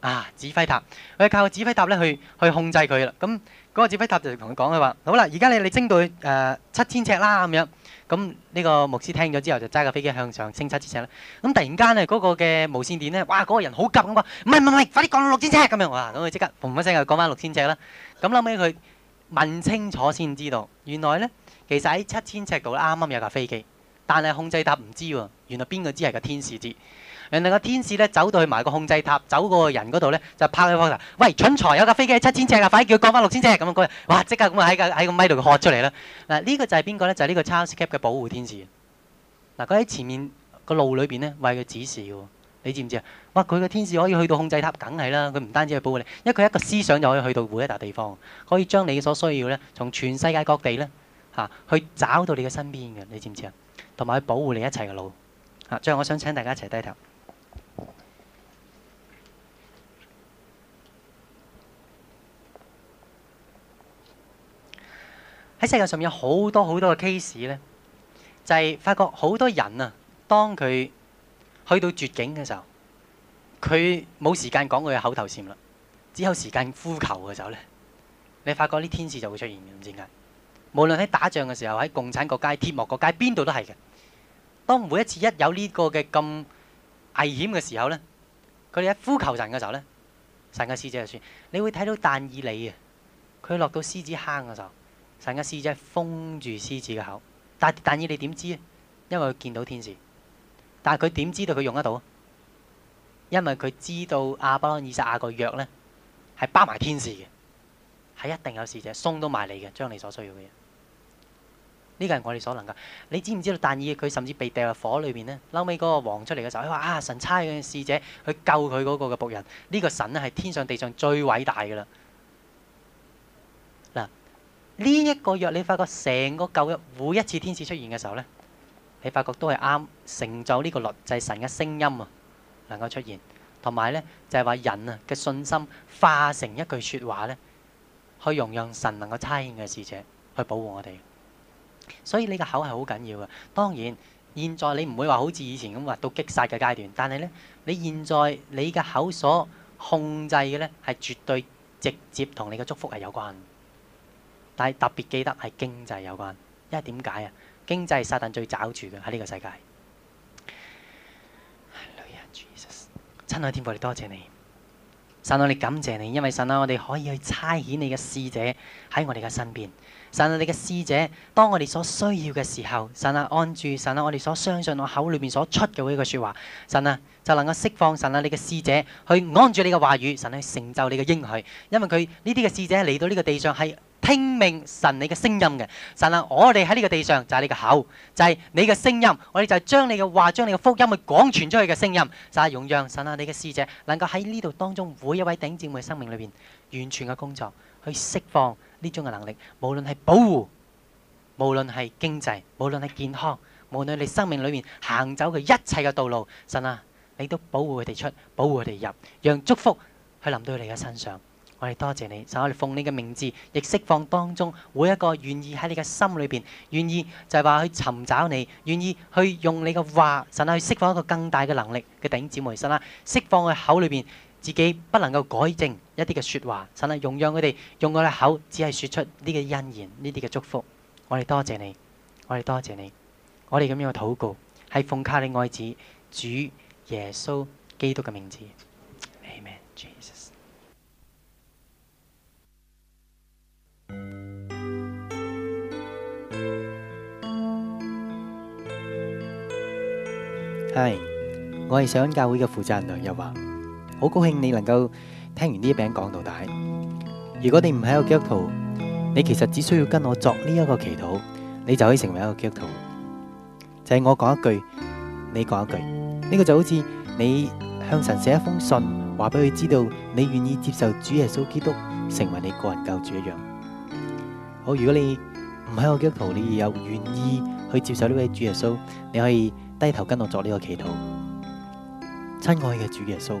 啊，指揮塔，佢靠指揮塔咧去去控制佢啦，咁。嗰個指揮塔就同佢講佢話：好啦，而家你你升到去誒七千尺啦，咁樣。咁呢個牧師聽咗之後就揸架飛機向上升七千尺啦。咁突然間咧，嗰個嘅無線電咧，哇！嗰個人好急咁講：唔係唔係唔係，快啲降到六千尺！咁樣哇，咁佢即刻嘭一聲又降返六千尺啦。咁後屘佢問清楚先知道，原來咧其實喺七千尺度啱啱有架飛機。但係控制塔唔知喎，原來邊個知係個天使知？人哋個天使咧走到去埋個控制塔，走過人嗰度咧就拍佢膊頭，喂蠢材有架飛機七千尺㗎，快啲叫佢降翻六千尺。」咁樣講。哇！即刻咁啊喺個喺個咪度喝出嚟啦嗱！呢、啊這個就係邊個咧？就係、是、呢個 Charles Cap 嘅保護天使。嗱、啊，佢喺前面個路裏邊咧為佢指示喎。你知唔知啊？哇！佢個天使可以去到控制塔，梗係啦。佢唔單止係保護你，因為佢一個思想就可以去到每一笪地方，可以將你所需要咧從全世界各地咧吓、啊，去找到你嘅身邊嘅。你知唔知啊？同埋保護你一齊嘅路，最後我想請大家一齊低頭。喺 世界上面有好多好多嘅 case 呢就係發覺好多人啊，當佢去到絕境嘅時候，佢冇時間講佢嘅口頭禪啦，只有時間呼求嘅時候呢，你發覺啲天使就會出現，唔知點解。無論喺打仗嘅時候，喺共產國街、鐵幕國街，邊度都係嘅。當每一次一有呢個嘅咁危險嘅時候呢佢哋一呼求神嘅時候呢神嘅使者就算。你會睇到但以理，啊，佢落到獅子坑嘅時候，神嘅使者封住獅子嘅口。但但以理點知啊？因為佢見到天使。但係佢點知道佢用得到？因為佢知道亞伯拉罕以撒個約呢，係包埋天使嘅，係一定有使者松到埋你嘅，將你所需要嘅嘢。呢個係我哋所能㗎。你知唔知道但以理佢甚至被掟入火裏面呢，呢後尾嗰個王出嚟嘅時候，佢話：啊，神差嘅使者去救佢嗰個嘅僕人。呢、這個神咧係天上地上最偉大㗎啦。嗱、啊，呢、這、一個約，你發覺成個舊約，每一次天使出現嘅時候呢，你發覺都係啱成就呢個律，制、就係、神嘅聲音啊，能夠出現。同埋呢，就係、是、話人啊嘅信心化成一句説話咧，去容讓神能夠差遣嘅使者去保護我哋。所以你個口係好緊要嘅，當然現在你唔會話好似以前咁話到擊殺嘅階段，但係呢，你現在你嘅口所控制嘅呢，係絕對直接同你嘅祝福係有關，但係特別記得係經濟有關，因為點解啊？經濟係撒旦最找住嘅喺呢個世界。啊、女人 Jesus，親愛天父，你多謝你，神啊，你感謝你，因為神啊，我哋可以去差遣你嘅使者喺我哋嘅身邊。神啊，你嘅使者，當我哋所需要嘅時候，神啊，安住，神啊，我哋所相信我口裏面所出嘅呢個說話，神啊，就能夠釋放神啊，你嘅使者去安住你嘅話語，神去、啊、成就你嘅應許，因為佢呢啲嘅使者嚟到呢個地上係聽命神你嘅聲音嘅，神啊，我哋喺呢個地上就係、是、你嘅口，就係、是、你嘅聲音，我哋就係將你嘅話，將你嘅福音去廣傳出去嘅聲音，神啊，容讓，神啊，你嘅使者能夠喺呢度當中每一位頂尖嘅生命裏邊完全嘅工作去釋放。呢種嘅能力，無論係保護，無論係經濟，無論係健康，無論你生命裏面行走嘅一切嘅道路，神啊，你都保護佢哋出，保護佢哋入，讓祝福去臨到你嘅身上。我哋多謝你，神，我哋奉你嘅名字，亦釋放當中每一個願意喺你嘅心裏邊，願意就係話去尋找你，願意去用你嘅話，神啊，去釋放一個更大嘅能力嘅頂，姊妹，神啊，釋放佢口裏邊。自己不能夠改正一啲嘅說話，神啊，容讓佢哋用佢嘅口只係說出呢嘅恩言，呢啲嘅祝福。我哋多謝，謝你，我哋多謝，謝你，我哋咁樣嘅禱告，係奉靠你愛子、主耶穌基督嘅名字。阿門。Jesus。係，我係上恩教會嘅負責人梁又華。好高興你能夠聽完呢一篇講道。如果你唔係一個基督徒，你其實只需要跟我作呢一個祈禱，你就可以成為一個基督徒。就係、是、我講一句，你講一句，呢、這個就好似你向神寫一封信，話俾佢知道你願意接受主耶穌基督成為你個人救主一樣。好，如果你唔係一個基督徒，你又願意去接受呢位主耶穌，你可以低頭跟我作呢個祈禱。親愛嘅主耶穌。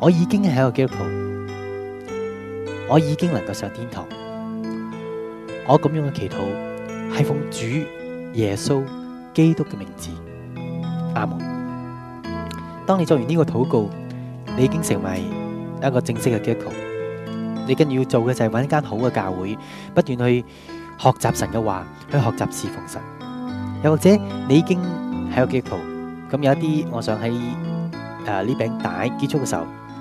我已經係個基督徒，我已經能夠上天堂。我咁樣嘅祈禱係奉主耶穌基督嘅名字，阿門。當你做完呢個禱告，你已經成為一個正式嘅基督徒。你跟住要做嘅就係揾一間好嘅教會，不斷去學習神嘅話，去學習侍奉神。又或者你已經係個基督徒，咁有一啲我想喺誒呢餅帶結束嘅時候。